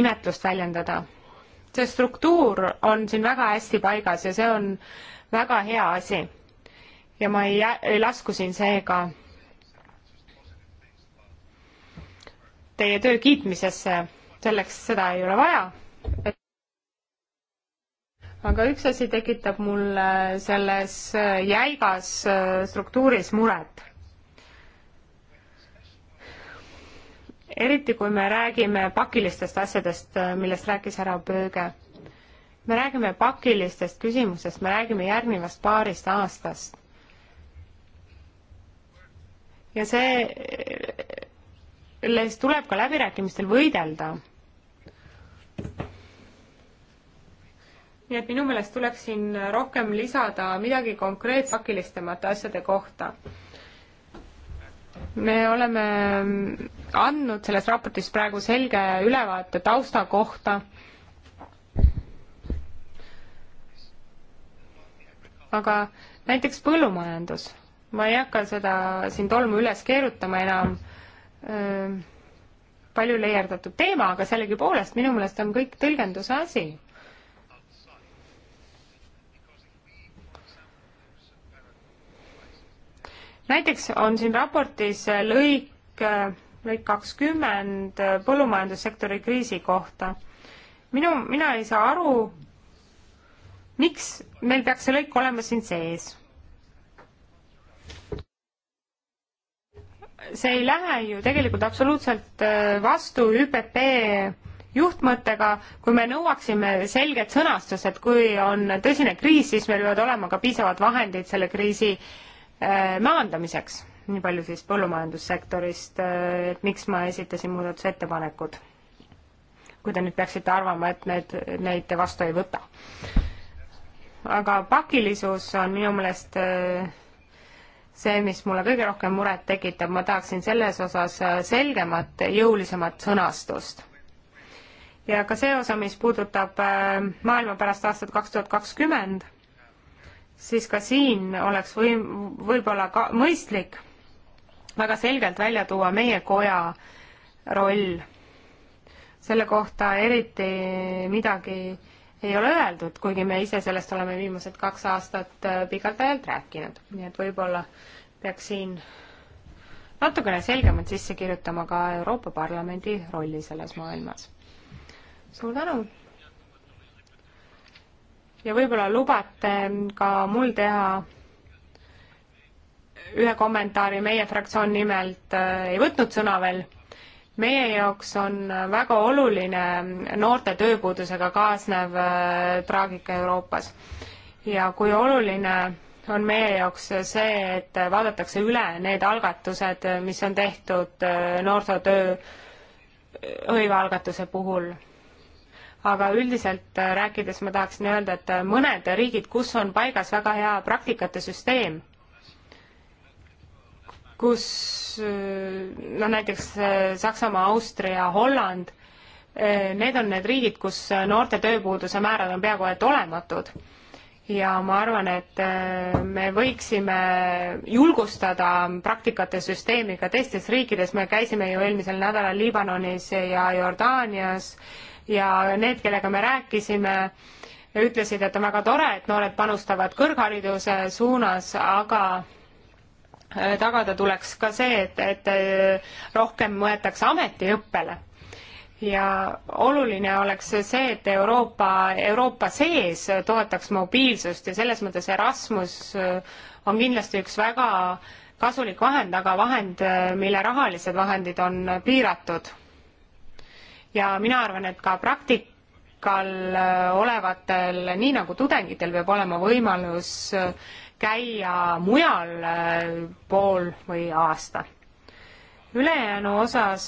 imetlust väljendada. see struktuur on siin väga hästi paigas ja see on väga hea asi. ja ma ei, ei lasku siin seega teie töö kiitmisesse, selleks seda ei ole vaja. aga üks asi tekitab mulle selles jäigas äh, struktuuris muret. eriti kui me räägime pakilistest asjadest, äh, millest rääkis härra Pööge. me räägime pakilistest küsimustest, me räägime järgnevast paarist aastast ja see milles tuleb ka läbirääkimistel võidelda. nii et minu meelest tuleks siin rohkem lisada midagi konkreetset pakilisemate asjade kohta. me oleme andnud selles raportis praegu selge ülevaate tausta kohta, aga näiteks põllumajandus, ma ei hakka seda siin tolmu üles keerutama enam palju leierdatud teema, aga sellegipoolest minu meelest on kõik tõlgenduse asi. näiteks on siin raportis lõik, lõik kakskümmend põllumajandussektori kriisi kohta. minu, mina ei saa aru, miks meil peaks see lõik olema siin sees see ei lähe ju tegelikult absoluutselt äh, vastu ÜPP juhtmõttega, kui me nõuaksime selget sõnastust, et kui on tõsine kriis, siis meil peavad olema ka piisavad vahendid selle kriisi äh, maandamiseks. nii palju siis põllumajandussektorist, äh, et miks ma esitasin muudatusettepanekud. kui te nüüd peaksite arvama, et need, neid te vastu ei võta. aga pakilisus on minu meelest äh, see, mis mulle kõige rohkem muret tekitab, ma tahaksin selles osas äh, selgemat, jõulisemat sõnastust. ja ka see osa, mis puudutab äh, maailma pärast aastat kaks tuhat kakskümmend, siis ka siin oleks või võib-olla ka mõistlik väga selgelt välja tuua meie koja roll selle kohta eriti midagi ei ole öeldud, kuigi me ise sellest oleme viimased kaks aastat äh, pikalt ajalt rääkinud, nii et võib-olla peaks siin natukene selgemalt sisse kirjutama ka Euroopa Parlamendi rolli selles maailmas. suur tänu! ja võib-olla lubate ka mul teha ühe kommentaari meie fraktsioon nimelt äh, ei võtnud sõna veel meie jaoks on väga oluline noorte tööpuudusega kaasnev äh, traagika Euroopas ja kui oluline on meie jaoks see, et vaadatakse üle need algatused, mis on tehtud äh, noorsootöö äh, hõivealgatuse puhul. aga üldiselt rääkides ma tahaksin öelda, et mõned riigid, kus on paigas väga hea praktikate süsteem kus äh, noh, näiteks äh, Saksamaa, Austria, Holland, äh, need on need riigid, kus noorte tööpuuduse määrad on peaaegu et olematud ja ma arvan, et me võiksime julgustada praktikate süsteemi ka teistes riikides, me käisime ju eelmisel nädalal Liibanonis ja Jordaanias ja need, kellega me rääkisime, ütlesid, et on väga tore, et noored panustavad kõrghariduse suunas, aga Äh, tagada tuleks ka see, et, et äh, rohkem võetakse ametiõppele. ja oluline oleks see, et Euroopa, Euroopa sees toetaks mobiilsust ja selles mõttes Erasmus äh, on kindlasti üks väga kasulik vahend, aga vahend, mille rahalised vahendid on piiratud. ja mina arvan, et ka praktikal olevatel, nii nagu tudengitel, peab olema võimalus äh, käia mujal äh, pool või aasta. ülejäänu osas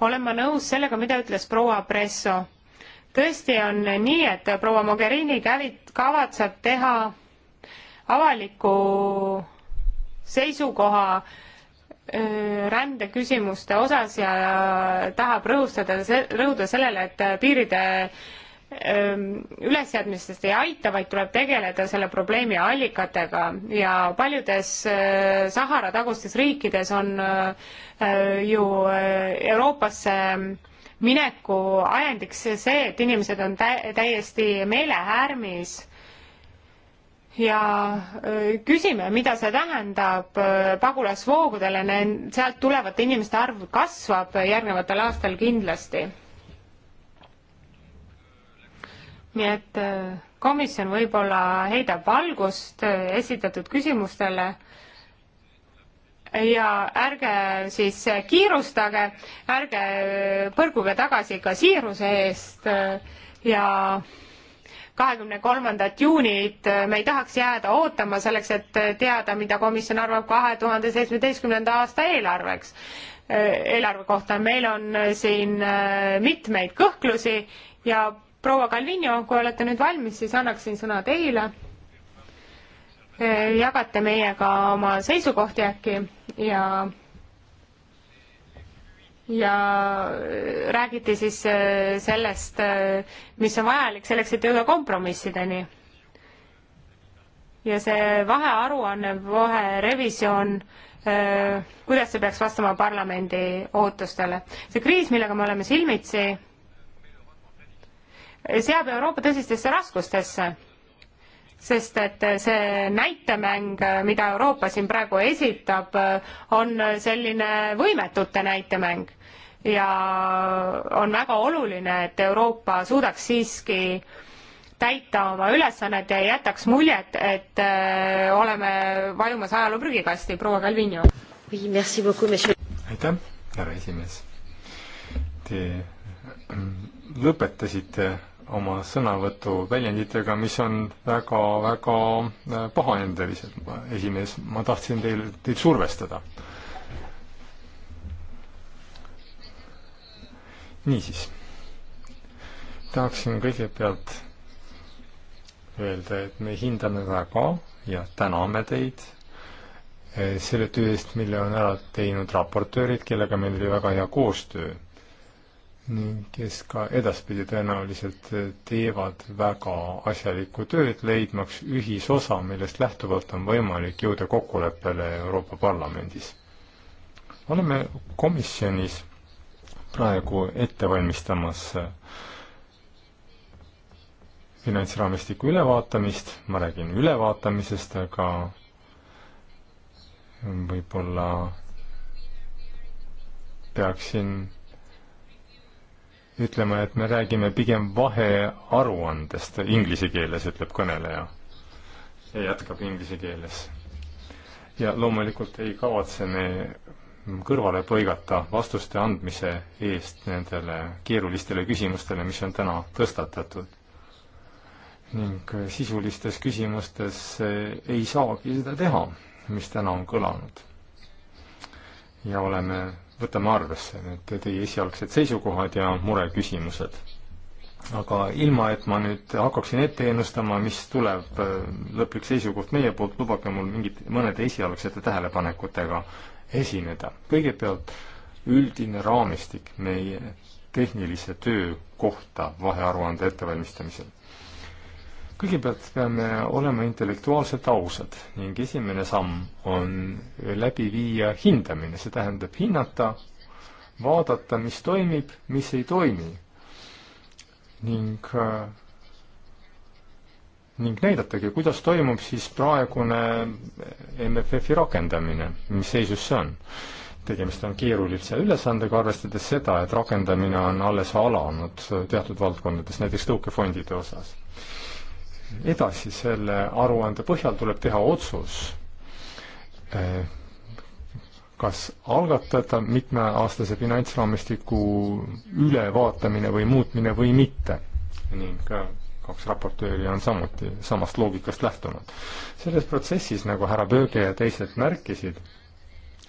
olen ma nõus sellega, mida ütles proua Presso. tõesti on nii, et proua Mogherini kävit-, kavatseb teha avaliku seisukoha äh, rändeküsimuste osas ja tahab rõhustada, rõhuda sellele, et piiride ülesseadmistest ei aita, vaid tuleb tegeleda selle probleemi allikatega ja paljudes äh, Sahara tagustes riikides on äh, ju äh, Euroopasse mineku ajendiks see, et inimesed on tä-, täiesti meelehärmis ja küsime, mida see tähendab pagulasvoogudele, sealt tulevate inimeste arv kasvab järgnevatel aastal kindlasti nii et äh, komisjon võib-olla heidab valgust äh, esitatud küsimustele ja ärge siis äh, kiirustage, ärge põrguge tagasi ka siiruse eest ja kahekümne kolmandat juunit me ei tahaks jääda ootama selleks, et teada, mida komisjon arvab kahe tuhande seitsmeteistkümnenda aasta eelarveks, eelarve kohta. meil on siin mitmeid kõhklusi ja proua Calvino, kui olete nüüd valmis, siis annaksin sõna teile. Eh, jagate meiega oma seisukohti äkki ja ja räägiti siis eh, sellest, eh, mis on vajalik selleks, et jõuda kompromissideni. ja see vahearuanne, vaherevisjon, kuidas see peaks vastama parlamendi ootustele. see kriis, millega me oleme silmitsi, seab Euroopa tõsistesse raskustesse, sest et see näitemäng, mida Euroopa siin praegu esitab, on selline võimetute näitemäng ja on väga oluline, et Euroopa suudaks siiski täita oma ülesannet ja ei jätaks muljet, et äh, oleme vajumas ajaloo prügikasti, proua Calvino. aitäh, härra esimees. Te mm, lõpetasite oma sõnavõtu väljenditega, mis on väga, väga äh, pahaendelised. esimees, ma tahtsin teil, teid survestada. niisiis, tahaksin kõigepealt öelda, et me hindame väga ja täname teid äh, selle töö eest, mille on ära teinud raportöörid, kellega meil oli väga hea koostöö ning kes ka edaspidi tõenäoliselt teevad väga asjalikku tööd, leidmaks ühisosa, millest lähtuvalt on võimalik jõuda kokkuleppele Euroopa Parlamendis. oleme komisjonis praegu ette valmistamas finantsraamistiku ülevaatamist, ma räägin ülevaatamisest, aga võib-olla peaksin ütlema, et me räägime pigem vahearuandest, inglise keeles ütleb kõneleja. ja jätkab inglise keeles. ja loomulikult ei kavatse me kõrvale põigata vastuste andmise eest nendele keerulistele küsimustele, mis on täna tõstatatud. ning sisulistes küsimustes ei saagi seda teha, mis täna on kõlanud. ja oleme võtame arvesse need teie esialgsed seisukohad ja mureküsimused. aga ilma, et ma nüüd hakkaksin ette ennustama, mis tuleb äh, lõplik seisukoht meie poolt, lubage mul mingit, mõnede esialgsete tähelepanekutega esineda. kõigepealt üldine raamistik meie tehnilise töö kohta vahearuande ettevalmistamisel kõigepealt peame olema intellektuaalselt ausad ning esimene samm on läbi viia hindamine, see tähendab hinnata, vaadata, mis toimib, mis ei toimi ning, ning näidatagi, kuidas toimub siis praegune MFF-i rakendamine, mis seisus see on. tegemist on keerulise ülesandega, arvestades seda, et rakendamine on alles alanud teatud valdkondades, näiteks tõukefondide osas edasi selle aruande põhjal tuleb teha otsus, eh, kas algatada mitmeaastase finantsraamistiku ülevaatamine või muutmine või mitte ning kaks raportööri on samuti samast loogikast lähtunud. selles protsessis, nagu härra Pööge ja teised märkisid,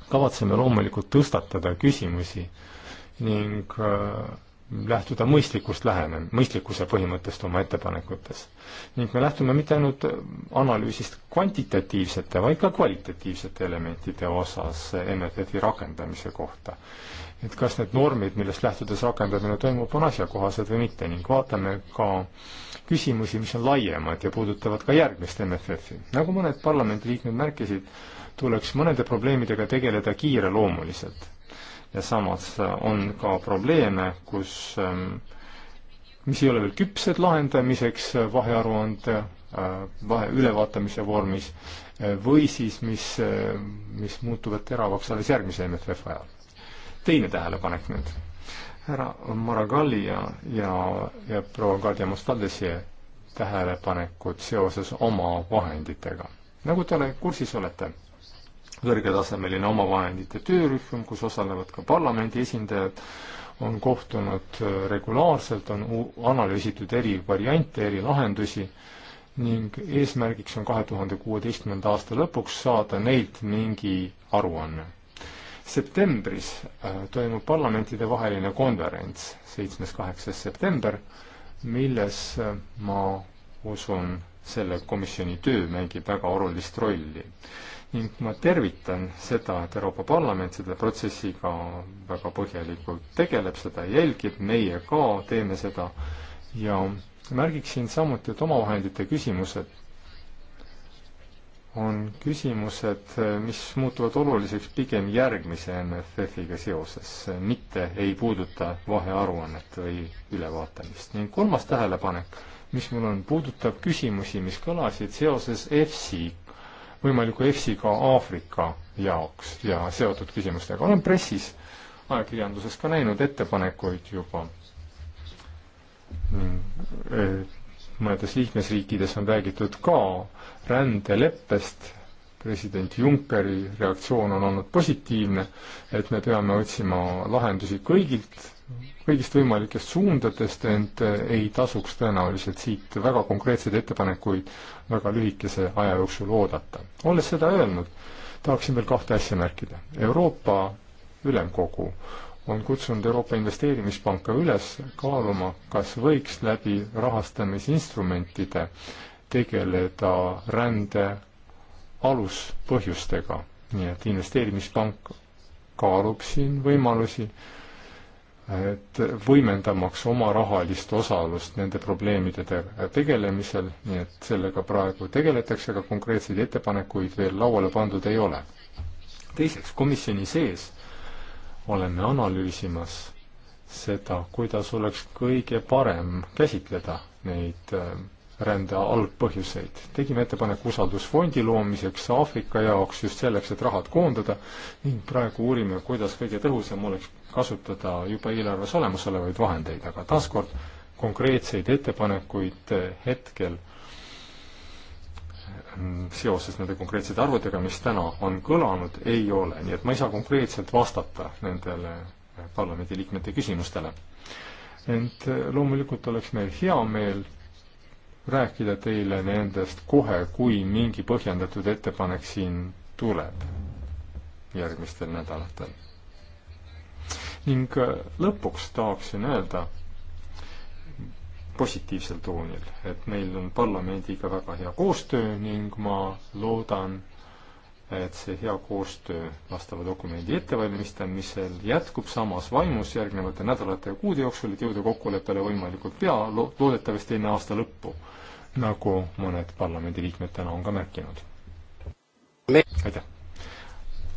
kavatseme loomulikult tõstatada küsimusi ning äh, lähtuda mõistlikust lähenem-, mõistlikkuse põhimõttest oma ettepanekutes. ning me lähtume mitte ainult analüüsist kvantitatiivsete, vaid ka kvalitatiivsete elementide osas MFF-i rakendamise kohta. et kas need normid, millest lähtudes rakendamine toimub, on asjakohased või mitte ning vaatame ka küsimusi, mis on laiemad ja puudutavad ka järgmist MFF-i. nagu mõned parlamendiliikmed märkisid, tuleks mõnede probleemidega tegeleda kiireloomuliselt ja samas äh, on ka probleeme, kus, ähm, mis ei ole veel küpsed lahendamiseks äh, vahearuande, äh, vahe, ülevaatamise vormis või siis mis, mis muutuvad teravaks alles järgmise MFF ajal. teine tähelepanek nüüd. härra Maragalli ja, ja, ja proua Kadri Mustadesi tähelepanekud seoses oma vahenditega. nagu te kursis olete kõrgetasemeline omavahendite töörühm, kus osalevad ka parlamendi esindajad, on kohtunud äh, regulaarselt, on analüüsitud eri variante, eri lahendusi ning eesmärgiks on kahe tuhande kuueteistkümnenda aasta lõpuks saada neilt mingi aruanne. septembris äh, toimub parlamentidevaheline konverents, seitsmes-kaheksas september, milles äh, ma usun, selle komisjoni töö mängib väga olulist rolli ning ma tervitan seda, et Euroopa Parlament selle protsessiga väga põhjalikult tegeleb, seda jälgib, meie ka teeme seda ja märgiksin samuti, et omavahendite küsimused on küsimused, mis muutuvad oluliseks pigem järgmise MFF-iga seoses, mitte ei puuduta vahearuannet või ülevaatamist. ning kolmas tähelepanek, mis mul on, puudutab küsimusi, mis kõlasid seoses EFSI võimaliku EFSiga Aafrika jaoks ja seotud küsimustega. olen pressis, ajakirjanduses ka näinud ettepanekuid juba. Eh, mõnedes liikmesriikides on räägitud ka rändeleppest, president Junckeri reaktsioon on olnud positiivne, et me peame otsima lahendusi kõigilt kõigist võimalikest suundadest, ent eh, ei tasuks tõenäoliselt siit väga konkreetseid ettepanekuid väga lühikese aja jooksul oodata. olles seda öelnud, tahaksin veel kahte asja märkida. Euroopa Ülemkogu on kutsunud Euroopa Investeerimispanka üles kaaluma, kas võiks läbi rahastamisinstrumentide tegeleda rände aluspõhjustega, nii et investeerimispank kaalub siin võimalusi et võimendamaks oma rahalist osalust nende probleemidega tegelemisel, nii et sellega praegu tegeletakse, aga konkreetseid ettepanekuid veel lauale pandud ei ole. teiseks, komisjoni sees oleme analüüsimas seda, kuidas oleks kõige parem käsitleda neid äh, rände algpõhjuseid. tegime ettepaneku usaldusfondi loomiseks Aafrika jaoks just selleks, et rahad koondada ning praegu uurime, kuidas kõige tõhusam oleks kasutada juba eelarves olemasolevaid vahendeid, aga taaskord konkreetseid ettepanekuid hetkel seoses nende konkreetsete arvudega, mis täna on kõlanud, ei ole, nii et ma ei saa konkreetselt vastata nendele parlamendiliikmete küsimustele. ent loomulikult oleks meil hea meel rääkida teile nendest kohe, kui mingi põhjendatud ettepanek siin tuleb järgmistel nädalatel. ning äh, lõpuks tahaksin öelda positiivsel toonil, et meil on parlamendiga väga hea koostöö ning ma loodan, et see hea koostöö vastava dokumendi ettevalmistamisel jätkub samas vaimus järgnevate nädalate ja kuude jooksul, et jõuda kokkuleppele võimalikult pea, loodetavasti enne aasta lõppu nagu mõned parlamendiliikmed täna on ka märkinud. aitäh!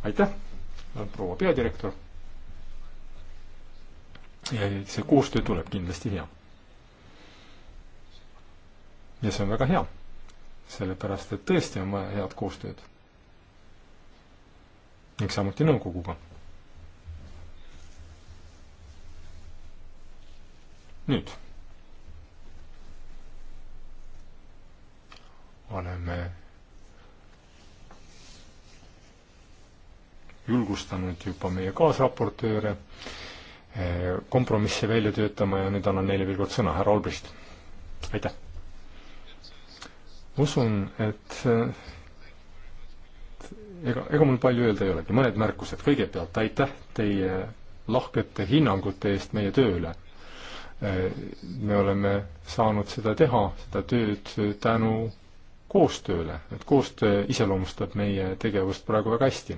aitäh, proua peadirektor! ja see koostöö tuleb kindlasti hea. ja see on väga hea, sellepärast et tõesti on vaja head koostööd. ning samuti nõukoguga. nüüd oleme julgustanud juba meie kaasraportööre eh, kompromisse välja töötama ja nüüd annan neile veel kord sõna, härra Olbrist. aitäh! usun, et eh, ega, ega mul palju öelda ei olegi, mõned märkused. kõigepealt aitäh teie lahkete hinnangute eest meie tööle. Eh, me oleme saanud seda teha, seda tööd tänu koostööle, et koostöö iseloomustab meie tegevust praegu väga hästi.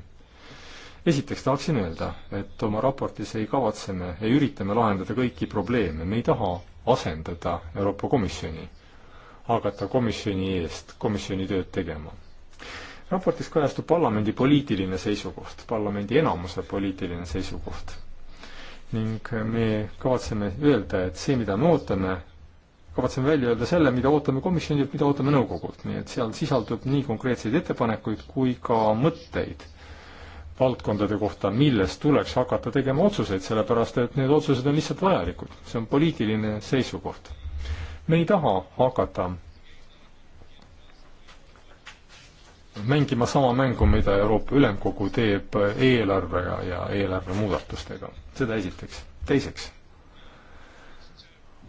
esiteks tahaksin öelda, et oma raportis ei kavatse me, ei ürita me lahendada kõiki probleeme, me ei taha asendada Euroopa Komisjoni, hakata komisjoni eest komisjoni tööd tegema. raportis kajastub parlamendi poliitiline seisukoht, parlamendi enamuse poliitiline seisukoht ning me kavatseme öelda, et see, mida me ootame kavatsen välja öelda selle, mida ootame komisjonilt, mida ootame nõukogult, nii et seal sisaldub nii konkreetseid ettepanekuid kui ka mõtteid valdkondade kohta, milles tuleks hakata tegema otsuseid, sellepärast et need otsused on lihtsalt vajalikud, see on poliitiline seisukoht. me ei taha hakata mängima sama mängu, mida Euroopa Ülemkogu teeb eelarvega ja eelarve muudatustega, seda esiteks. teiseks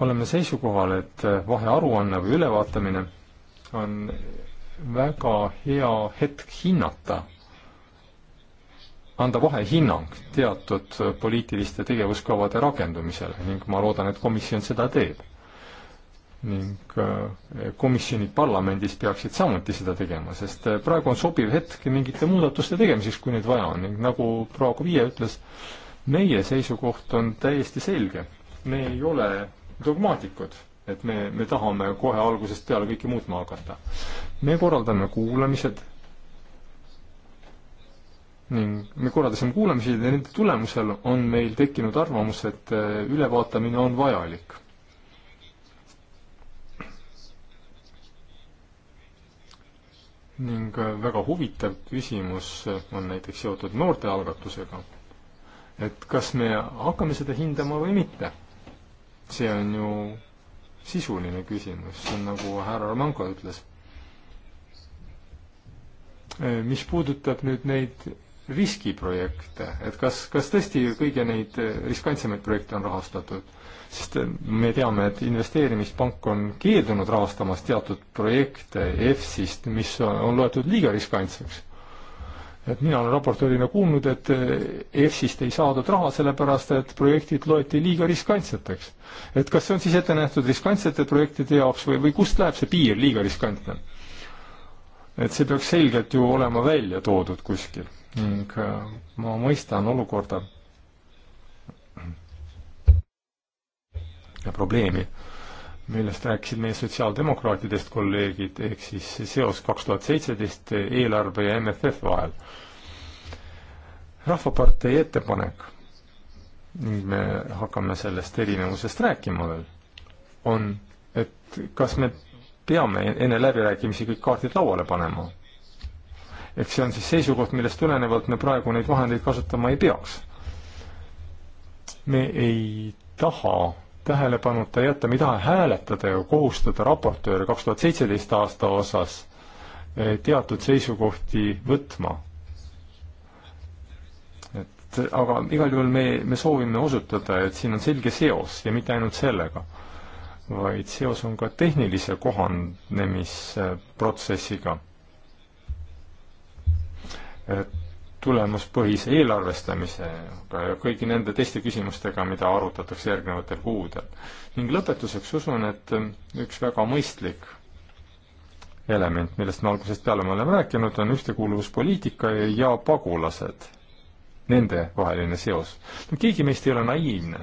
oleme seisukohal, et vahearuanne või ülevaatamine on väga hea hetk hinnata, anda vahehinnang teatud poliitiliste tegevuskavade rakendumisele ning ma loodan, et komisjon seda teeb. ning eh, komisjonid parlamendis peaksid samuti seda tegema, sest eh, praegu on sobiv hetk mingite muudatuste tegemiseks, kui neid vaja on ning nagu proua Kovia ütles, meie seisukoht on täiesti selge. me ei ole dogmaatikud, et me, me tahame kohe algusest peale kõike muutma hakata. me korraldame kuulamised ning me korraldasime kuulamisi ja nende tulemusel on meil tekkinud arvamus, et äh, ülevaatamine on vajalik. ning äh, väga huvitav küsimus on näiteks seotud noortealgatusega. et kas me hakkame seda hindama või mitte see on ju sisuline küsimus, see on nagu härra Romanko ütles. Äh, mis puudutab nüüd neid riskiprojekte, et kas, kas tõesti kõige neid äh, riskantsemaid projekte on rahastatud? sest äh, me teame, et investeerimispank on keeldunud rahastamast teatud projekte EFSist, mis on loetud liiga riskantseks et mina olen raportöörina kuulnud, et eh, EFSist ei saadud raha sellepärast, et projektid loeti liiga riskantseteks. et kas see on siis ette nähtud riskantsete projektide jaoks või, või kust läheb see piir liiga riskantne? et see peaks selgelt ju olema välja toodud kuskil ning eh, ma mõistan olukorda ja probleemi millest rääkisid meie sotsiaaldemokraatidest kolleegid, ehk siis seos kaks tuhat seitseteist eelarve ja MFF vahel. rahvapartei ettepanek, ning me hakkame sellest erinevusest rääkima veel, on, et kas me peame enne läbirääkimisi kõik kaardid lauale panema. ehk see on siis seisukoht, millest tulenevalt me praegu neid vahendeid kasutama ei peaks. me ei taha tähelepanuta jätta, me ei taha hääletada ja kohustada raportööre kaks tuhat seitseteist aasta osas eh, teatud seisukohti võtma. et aga igal juhul me, me soovime osutada, et siin on selge seos ja mitte ainult sellega, vaid seos on ka tehnilise kohanemisprotsessiga. et tulemuspõhise eelarvestamisega ja kõigi nende teiste küsimustega, mida arutatakse järgnevatel kuudel. ning lõpetuseks usun, et eh, üks väga mõistlik element, millest me algusest peale me oleme rääkinud, on ühtekuuluvuspoliitika ja pagulased, nende vaheline seos. no keegi meist ei ole naiivne.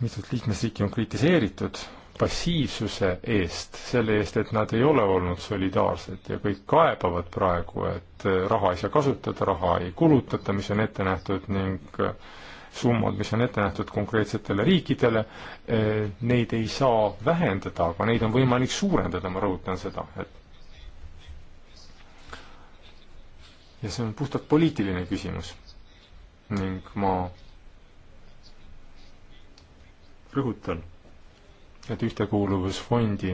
mitut liikmesriiki on kritiseeritud passiivsuse eest, selle eest, et nad ei ole olnud solidaarsed ja kõik kaebavad praegu, et äh, raha ei saa kasutada, raha ei kulutata, mis on ette nähtud ning äh, summad, mis on ette nähtud konkreetsetele riikidele, äh, neid ei saa vähendada, aga neid on võimalik suurendada, ma rõhutan seda, et ja see on puhtalt poliitiline küsimus. ning ma rõhutan et ühtekuuluvusfondi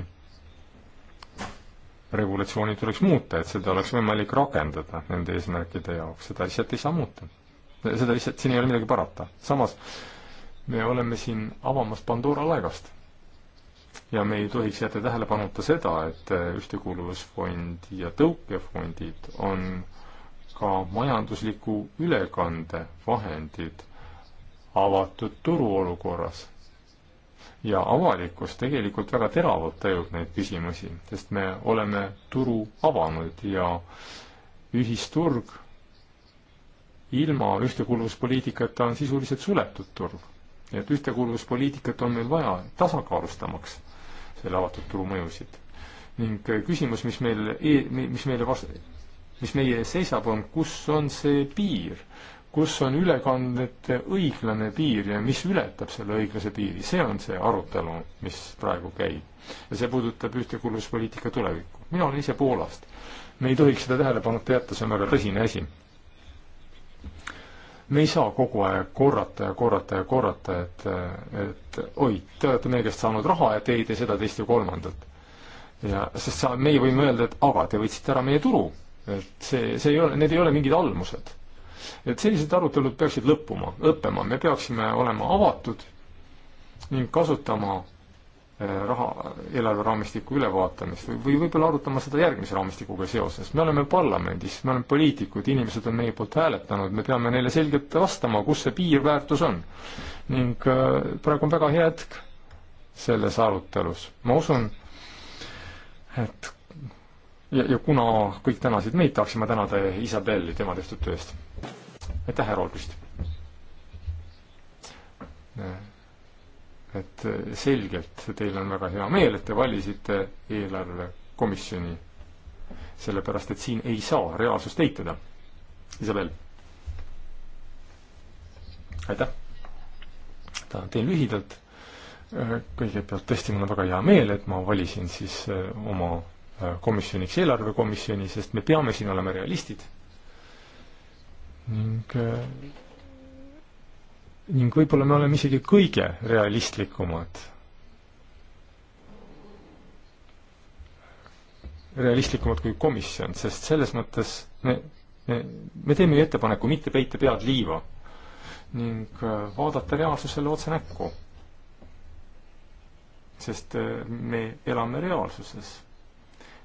regulatsiooni tuleks muuta, et seda oleks võimalik rakendada nende eesmärkide jaoks, seda lihtsalt ei saa muuta. seda lihtsalt, siin ei ole midagi parata. samas me oleme siin avamas Pandora laegast. ja me ei tohiks jätta tähelepanuta seda, et Ühtekuuluvusfond ja tõukefondid on ka majandusliku ülekande vahendid avatud turuolukorras ja avalikkus tegelikult väga teravalt tajub neid küsimusi, sest me oleme turu avanud ja ühisturg ilma ühtekuuluvuspoliitikata on sisuliselt suletud turg. nii et ühtekuuluvuspoliitikat on meil vaja tasakaalustamaks selle avatud turu mõjusid. ning küsimus, mis meil, e-, mis meile vastu, mis meie ees seisab, on, kus on see piir, kus on ülekandete õiglane piir ja mis ületab selle õiglase piiri, see on see arutelu, mis praegu käib. ja see puudutab ühtekuuluvuspoliitika tulevikku. mina olen ise Poolast. me ei tohiks seda tähelepanuta jätta, see on väga tõsine asi. me ei saa kogu aeg korrata ja korrata ja korrata, et, et oi, te olete meie käest saanud raha ja te ei tee seda, teist ja kolmandat. ja sest sa, meie võime öelda, et aga te võtsite ära meie turu. et see, see ei ole, need ei ole mingid almused et sellised arutelud peaksid lõppuma, lõppema, me peaksime olema avatud ning kasutama eh, raha, eelarveraamistiku ülevaatamist või, või võib-olla arutama seda järgmise raamistikuga seoses. me oleme parlamendis, me oleme poliitikud, inimesed on meie poolt hääletanud, me peame neile selgelt vastama, kus see piirväärtus on. ning eh, praegu on väga hea hetk selles arutelus. ma usun, et ja, ja kuna kõik tänasid meid, tahaksin ma tänada Isabelli tema tehtud töö eest aitäh, härra Olbist! et selgelt teil on väga hea meel, et te valisite eelarvekomisjoni, sellepärast et siin ei saa reaalsust eitada. Isabel. aitäh. teen lühidalt. kõigepealt tõesti, mul on väga hea meel, et ma valisin siis eh, oma eh, komisjoniks eelarvekomisjoni, sest me peame siin olema realistid ning eh, ning võib-olla me oleme isegi kõige realistlikumad realistlikumad kui komisjon, sest selles mõttes me, me, me teeme ju ettepaneku mitte peita pead liiva ning eh, vaadata reaalsusele otse näkku. sest eh, me elame reaalsuses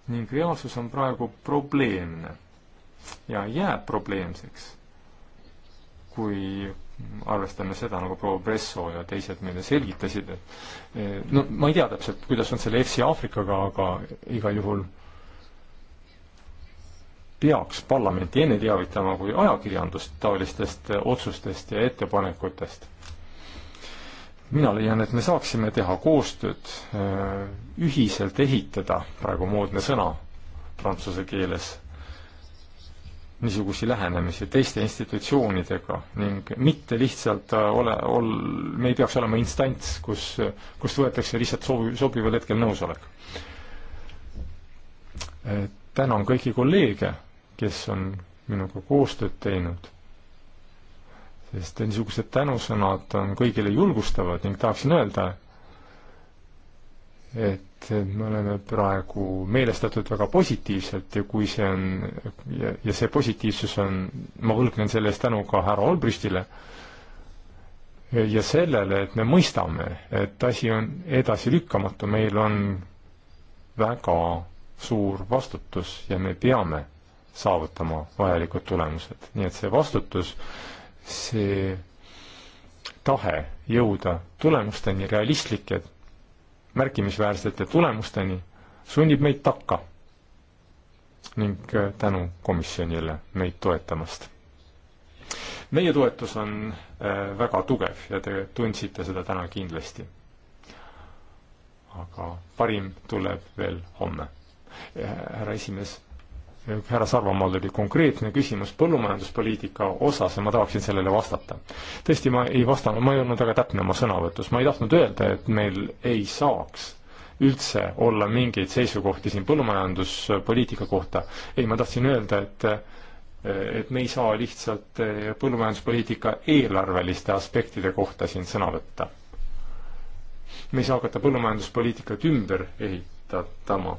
ning reaalsus on praegu probleemne ja jääb probleemseks kui arvestame seda, nagu proua Bresso ja teised meile selgitasid, et no ma ei tea täpselt, kuidas on selle EFSI Aafrikaga, aga igal juhul peaks parlamenti enne teavitama kui ajakirjandust taolistest otsustest ja ettepanekutest. mina leian, et me saaksime teha koostööd, äh, ühiselt ehitada, praegu moodne sõna prantsuse keeles niisugusi lähenemisi teiste institutsioonidega ning mitte lihtsalt äh, ole, ol-, me ei peaks olema instants, kus, kust võetakse lihtsalt sobi-, sobival hetkel nõusolek. Äh, tänan kõiki kolleege, kes on minuga koostööd teinud, sest niisugused tänusõnad on kõigile julgustavad ning tahaksin öelda, et et me oleme praegu meelestatud väga positiivselt ja kui see on, ja, ja see positiivsus on, ma võlgnen selle eest tänu ka härra Olbristile, ja sellele, et me mõistame, et asi on edasilükkamatu, meil on väga suur vastutus ja me peame saavutama vajalikud tulemused. nii et see vastutus, see tahe jõuda tulemusteni, realistlikud märkimisväärsete tulemusteni, sunnib meid takka ning äh, tänu komisjonile meid toetamast. meie toetus on äh, väga tugev ja te tundsite seda täna kindlasti. aga parim tuleb veel homme. Äh, härra esimees härra Sarvamaal oli konkreetne küsimus põllumajanduspoliitika osas ja ma tahaksin sellele vastata. tõesti, ma ei vastanud, ma ei olnud väga täpne oma sõnavõtus, ma ei tahtnud öelda, et meil ei saaks üldse olla mingeid seisukohti siin põllumajanduspoliitika kohta. ei, ma tahtsin öelda, et et me ei saa lihtsalt põllumajanduspoliitika eelarveliste aspektide kohta siin sõna võtta. me ei saa hakata põllumajanduspoliitikat ümber ehitatama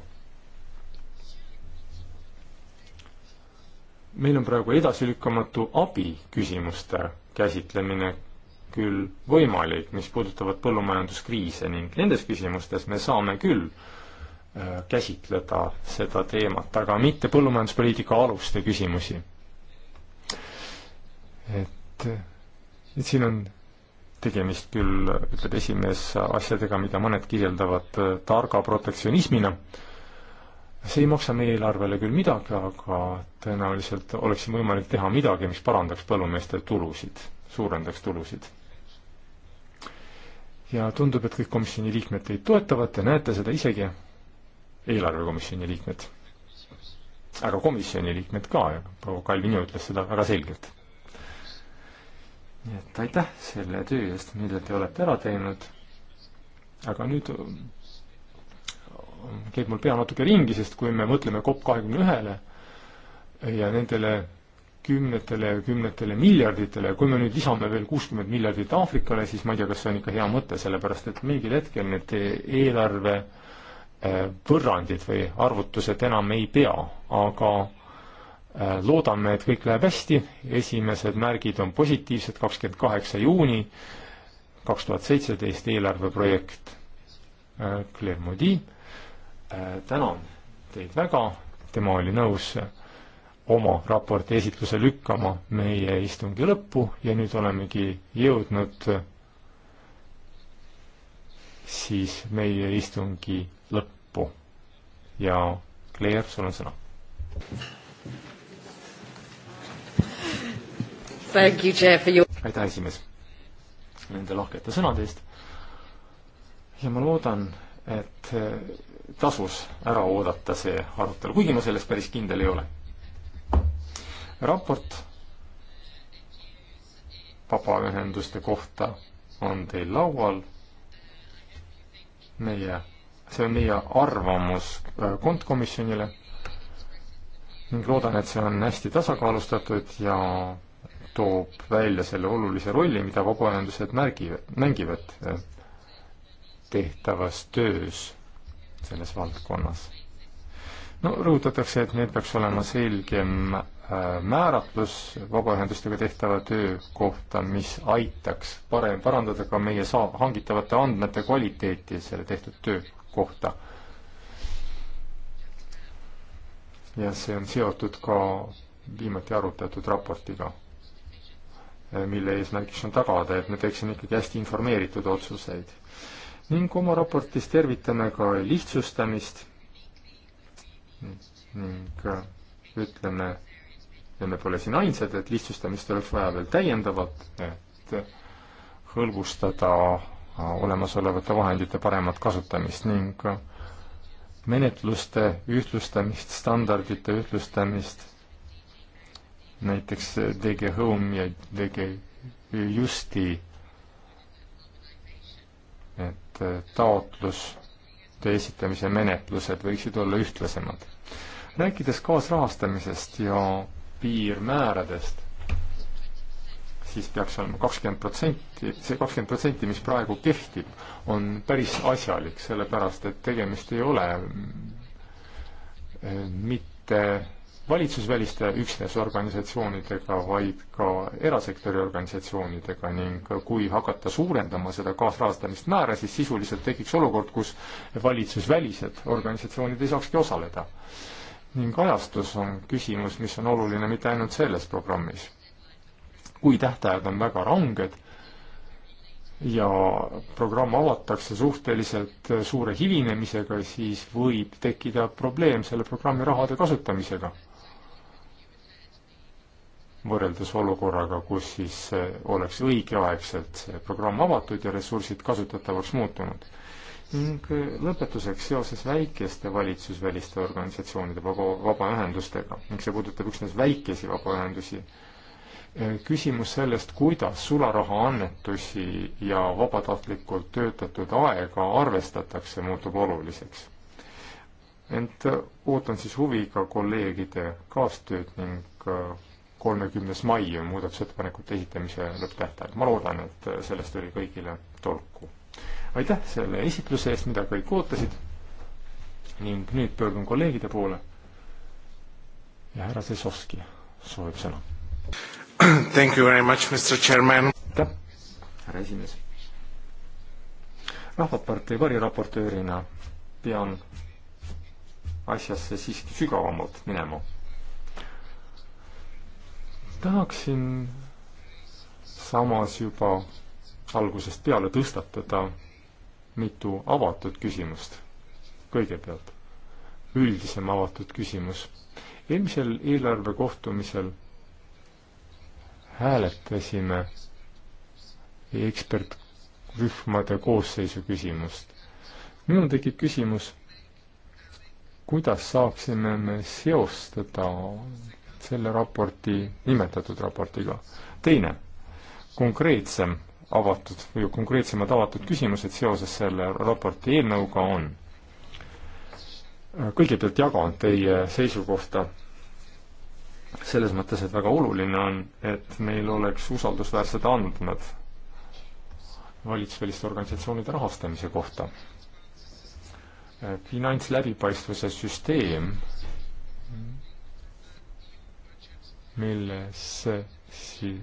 meil on praegu edasilükkamatu abi küsimuste käsitlemine küll võimalik, mis puudutavad põllumajanduskriise ning nendes küsimustes me saame küll äh, käsitleda seda teemat, aga mitte põllumajanduspoliitika aluste küsimusi. et, et siin on tegemist küll, ütleb esimees, asjadega, mida mõned kirjeldavad äh, targa protektsionismina, see ei maksa meie eelarvele küll midagi, aga tõenäoliselt oleks siin võimalik teha midagi, mis parandaks põllumeeste tulusid, suurendaks tulusid. ja tundub, et kõik komisjoni liikmed teid toetavad, te näete seda isegi, eelarvekomisjoni liikmed. aga komisjoni liikmed ka, proua Kalvin ju ütles seda väga selgelt. nii et aitäh selle töö eest, mille te olete ära teinud, aga nüüd käib mul pea natuke ringi, sest kui me mõtleme COP kahekümne ühele ja nendele kümnetele ja kümnetele miljarditele, kui me nüüd lisame veel kuuskümmend miljardit Aafrikale, siis ma ei tea, kas see on ikka hea mõte, sellepärast et mingil hetkel need eelarve äh, võrrandid või arvutused enam ei pea, aga äh, loodame, et kõik läheb hästi, esimesed märgid on positiivsed, kakskümmend kaheksa juuni kaks tuhat seitseteist eelarveprojekt äh, Claire Moody Äh, tänan teid väga, tema oli nõus oma raporti esitluse lükkama meie istungi lõppu ja nüüd olemegi jõudnud siis meie istungi lõppu. ja Claire, sul on sõna. aitäh, esimees, nende lahkete sõnade eest. ja ma loodan, et tasus ära oodata see arutelu, kuigi ma selles päris kindel ei ole. raport vabaühenduste kohta on teil laual. meie, see on meie arvamus äh, kontkomisjonile ning loodan, et see on hästi tasakaalustatud ja toob välja selle olulise rolli, mida vabaühendused märgivad, mängivad äh, tehtavas töös selles valdkonnas. no rõhutatakse, et meil peaks olema selgem äh, määratlus vabaühendustega tehtava töö kohta, mis aitaks parem parandada ka meie saa-, hangitavate andmete kvaliteeti selle tehtud töö kohta. ja see on seotud ka viimati arutatud raportiga, äh, mille eesmärgiks on tagada, et me teeksime ikkagi hästi informeeritud otsuseid ning oma raportis tervitame ka lihtsustamist ning ütleme, ja me pole siin ainsad, et lihtsustamist oleks vaja veel täiendavalt, et hõlbustada olemasolevate vahendite paremat kasutamist ning menetluste ühtlustamist, standardite ühtlustamist, näiteks DG Home ja DG Justi et äh, taotluste esitamise menetlused võiksid olla ühtlasemad. rääkides kaasrahastamisest ja piirmääradest, siis peaks olema kakskümmend protsenti, see kakskümmend protsenti, mis praegu kehtib, on päris asjalik, sellepärast et tegemist ei ole äh, mitte valitsusväliste üksnes organisatsioonidega, vaid ka erasektori organisatsioonidega ning kui hakata suurendama seda kaasrahastamist määra, siis sisuliselt tekiks olukord, kus valitsusvälised organisatsioonid ei saakski osaleda. ning ajastus on küsimus, mis on oluline mitte ainult selles programmis. kui tähtajad on väga ranged ja programm avatakse suhteliselt suure hilinemisega, siis võib tekkida probleem selle programmi rahade kasutamisega võrreldes olukorraga, kus siis oleks õigeaegselt see programm avatud ja ressursid kasutatavaks muutunud. ning lõpetuseks seoses väikeste valitsusväliste organisatsioonide vaba, vabaühendustega, ning see puudutab üksnes väikesi vabaühendusi, küsimus sellest, kuidas sularahaannetusi ja vabatahtlikult töötatud aega arvestatakse, muutub oluliseks. ent ootan siis huviga kolleegide kaastööd ning kolmekümnes mai on muudatusettepanekute esitamise lõpptähtaeg. ma loodan, et sellest oli kõigile tolku. aitäh selle esitluse eest, mida kõik ootasid ning nüüd pöördun kolleegide poole. ja härra Sesovski soovib sõna. Thank you very much, Mr Chairman. aitäh, härra esimees. rahvapartei variraportöörina pean asjasse siiski sügavamalt minema tahaksin samas juba algusest peale tõstatada mitu avatud küsimust. kõigepealt üldisem avatud küsimus. eelmisel eelarvekohtumisel hääletasime ekspertrühmade koosseisu küsimust. minul tekib küsimus, kuidas saaksime me seostada selle raporti, nimetatud raportiga. teine, konkreetsem avatud või konkreetsemad avatud küsimused seoses selle raporti eelnõuga on. kõigepealt jagan teie seisukohta selles mõttes, et väga oluline on, et meil oleks usaldusväärsed andmed valitsusväliste organisatsioonide rahastamise kohta. finantsläbipaistvuse süsteem milles siis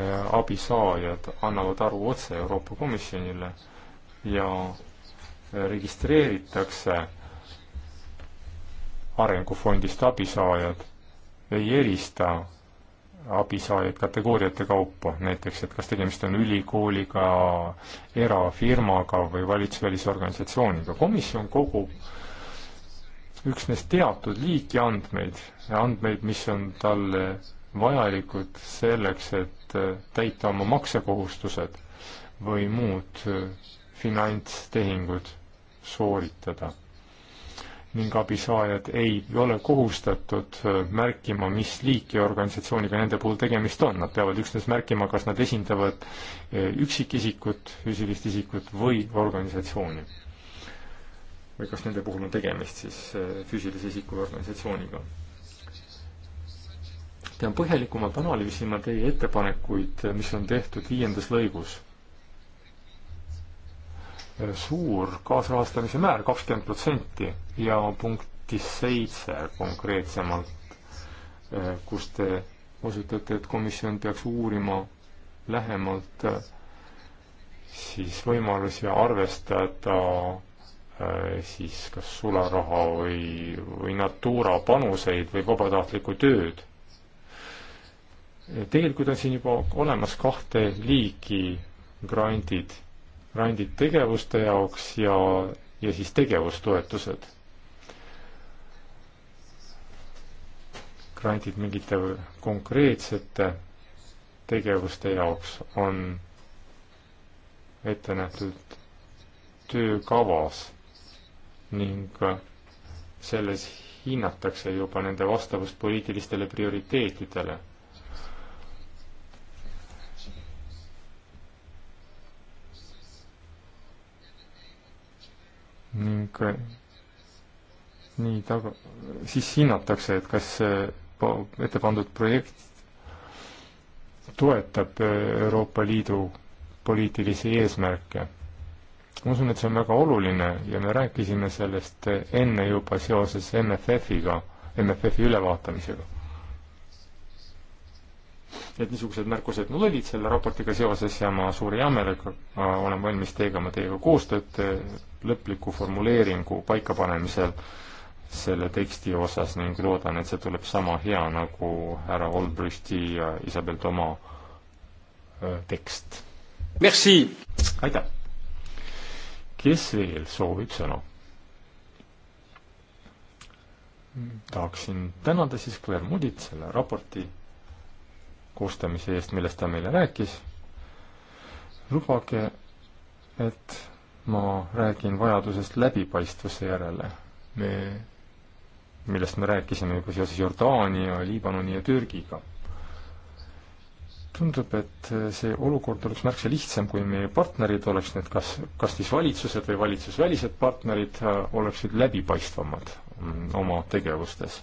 äh, abisaajad annavad aru otse Euroopa Komisjonile ja registreeritakse arengufondist abisaajad, ei erista abisaajaid kategooriate kaupa, näiteks et kas tegemist on ülikooliga, erafirmaga või valitsusvälise organisatsiooniga. komisjon kogub äh, üksnes teatud liiki andmeid ja andmeid, mis on talle vajalikud selleks, et äh, täita oma maksekohustused või muud äh, finantstehingud sooritada. ning abisaajad ei ole kohustatud äh, märkima, mis liiki organisatsiooniga nende puhul tegemist on, nad peavad üksnes märkima, kas nad esindavad üksikisikut, füüsilist isikut või organisatsiooni või kas nende puhul on tegemist siis äh, füüsilise isiku või organisatsiooniga. pean põhjalikumalt analüüsima teie ettepanekuid, äh, mis on tehtud viiendas lõigus. Äh, suur kaasrahastamise määr kakskümmend protsenti ja punktis seitse konkreetsemalt, kus te osutate, et komisjon peaks uurima lähemalt siis võimalusi arvestada Äh, siis kas sularaha või, või Natura panuseid või vabatahtlikku tööd. tegelikult on siin juba olemas kahte liiki grandid, grandid tegevuste jaoks ja, ja siis tegevustoetused. grandid mingite konkreetsete tegevuste jaoks on ette nähtud töökavas ning äh, selles hinnatakse juba nende vastavust poliitilistele prioriteetidele. ning äh, nii taga, siis hinnatakse, et kas äh, ette pandud projekt toetab Euroopa Liidu poliitilisi eesmärke ma usun, et see on väga oluline ja me rääkisime sellest enne juba seoses MFF-iga, MFF-i ülevaatamisega. et niisugused märkused mul olid selle raportiga seoses ja ma suure heameelega olen valmis tegema teiega koostööd lõpliku formuleeringu paikapanemisel selle teksti osas ning loodan, et see tuleb sama hea nagu härra Olbrichti ja Isabel Toma äh, tekst. aitäh! kes veel soovib sõna? tahaksin tänada siis Claire Moodit selle raporti koostamise eest, millest ta meile rääkis. lubage, et ma räägin vajadusest läbipaistvuse järele. me, millest me rääkisime juba seoses Jordaania, Liibanoni ja Türgiga tundub, et äh, see olukord oleks märksa lihtsam, kui meie partnerid oleks need kas, kas siis valitsused või valitsusvälised partnerid äh, oleksid läbipaistvamad mm, oma tegevustes.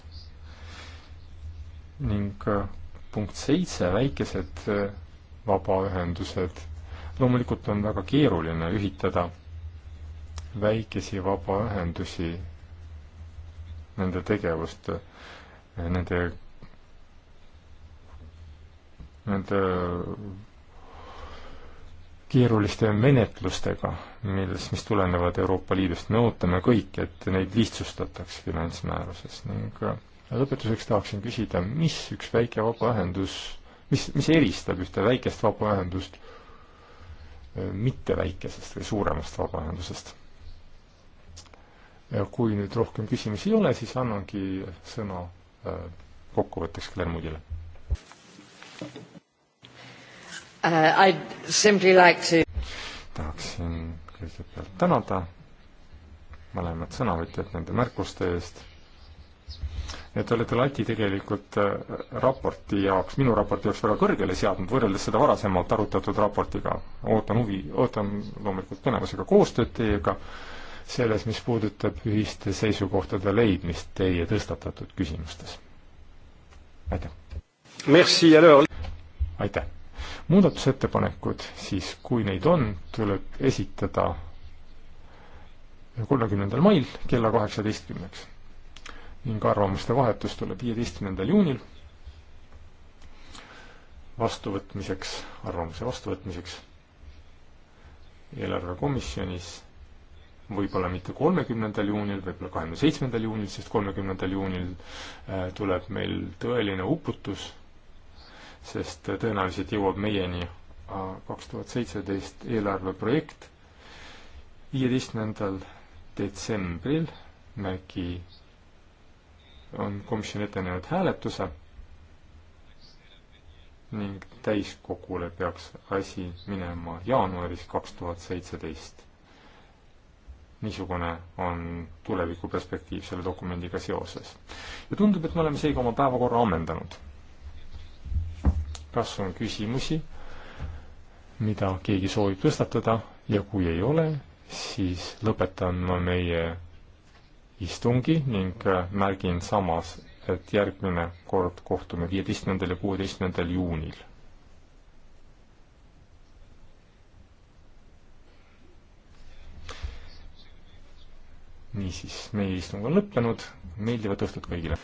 ning äh, punkt seitse, väikesed vabaühendused. loomulikult on väga keeruline ühitada väikesi vabaühendusi, nende tegevust, nende nende keeruliste menetlustega, milles, mis tulenevad Euroopa Liidust, me ootame kõik, et neid lihtsustataks finantsmääruses ning äh, lõpetuseks tahaksin küsida, mis üks väike vabaühendus, mis, mis eristab ühte väikest vabaühendust äh, mitte väikesest või suuremast vabaühendusest? ja kui nüüd rohkem küsimusi ei ole, siis annangi sõna äh, kokkuvõtteks Glenn Moodile uh,. I'd simply like to tahaksin kõigepealt tänada mõlemad sõnavõtjad nende märkuste eest. et olete lati tegelikult äh, raporti jaoks, minu raporti jaoks väga kõrgele seadnud, võrreldes seda varasemalt arutatud raportiga. ootan huvi, ootan loomulikult põnevusega koostööd teiega selles, mis puudutab ühiste seisukohtade leidmist teie tõstatatud küsimustes. aitäh! aitäh! muudatusettepanekud, siis kui neid on, tuleb esitada kolmekümnendal mail kella kaheksateistkümneks ning arvamuste vahetus tuleb viieteistkümnendal juunil vastuvõtmiseks, arvamuse vastuvõtmiseks eelarvekomisjonis võib-olla mitte kolmekümnendal juunil, võib-olla kahekümne seitsmendal juunil, sest kolmekümnendal juunil äh, tuleb meil tõeline uputus sest tõenäoliselt jõuab meieni äh, kaks tuhat seitseteist eelarveprojekt. viieteistkümnendal detsembril Mägi on komisjon ette näinud hääletuse ning täiskogule peaks asi minema jaanuaris kaks tuhat seitseteist. niisugune on tulevikuperspektiiv selle dokumendiga seoses. ja tundub, et me oleme seega oma päevakorra ammendanud kas on küsimusi, mida keegi soovib tõstatada ja kui ei ole, siis lõpetan ma meie istungi ning äh, märgin samas, et järgmine kord kohtume viieteistkümnendal ja kuueteistkümnendal juunil. niisiis, meie istung on lõppenud, meeldivat õhtut kõigile!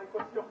les cautions.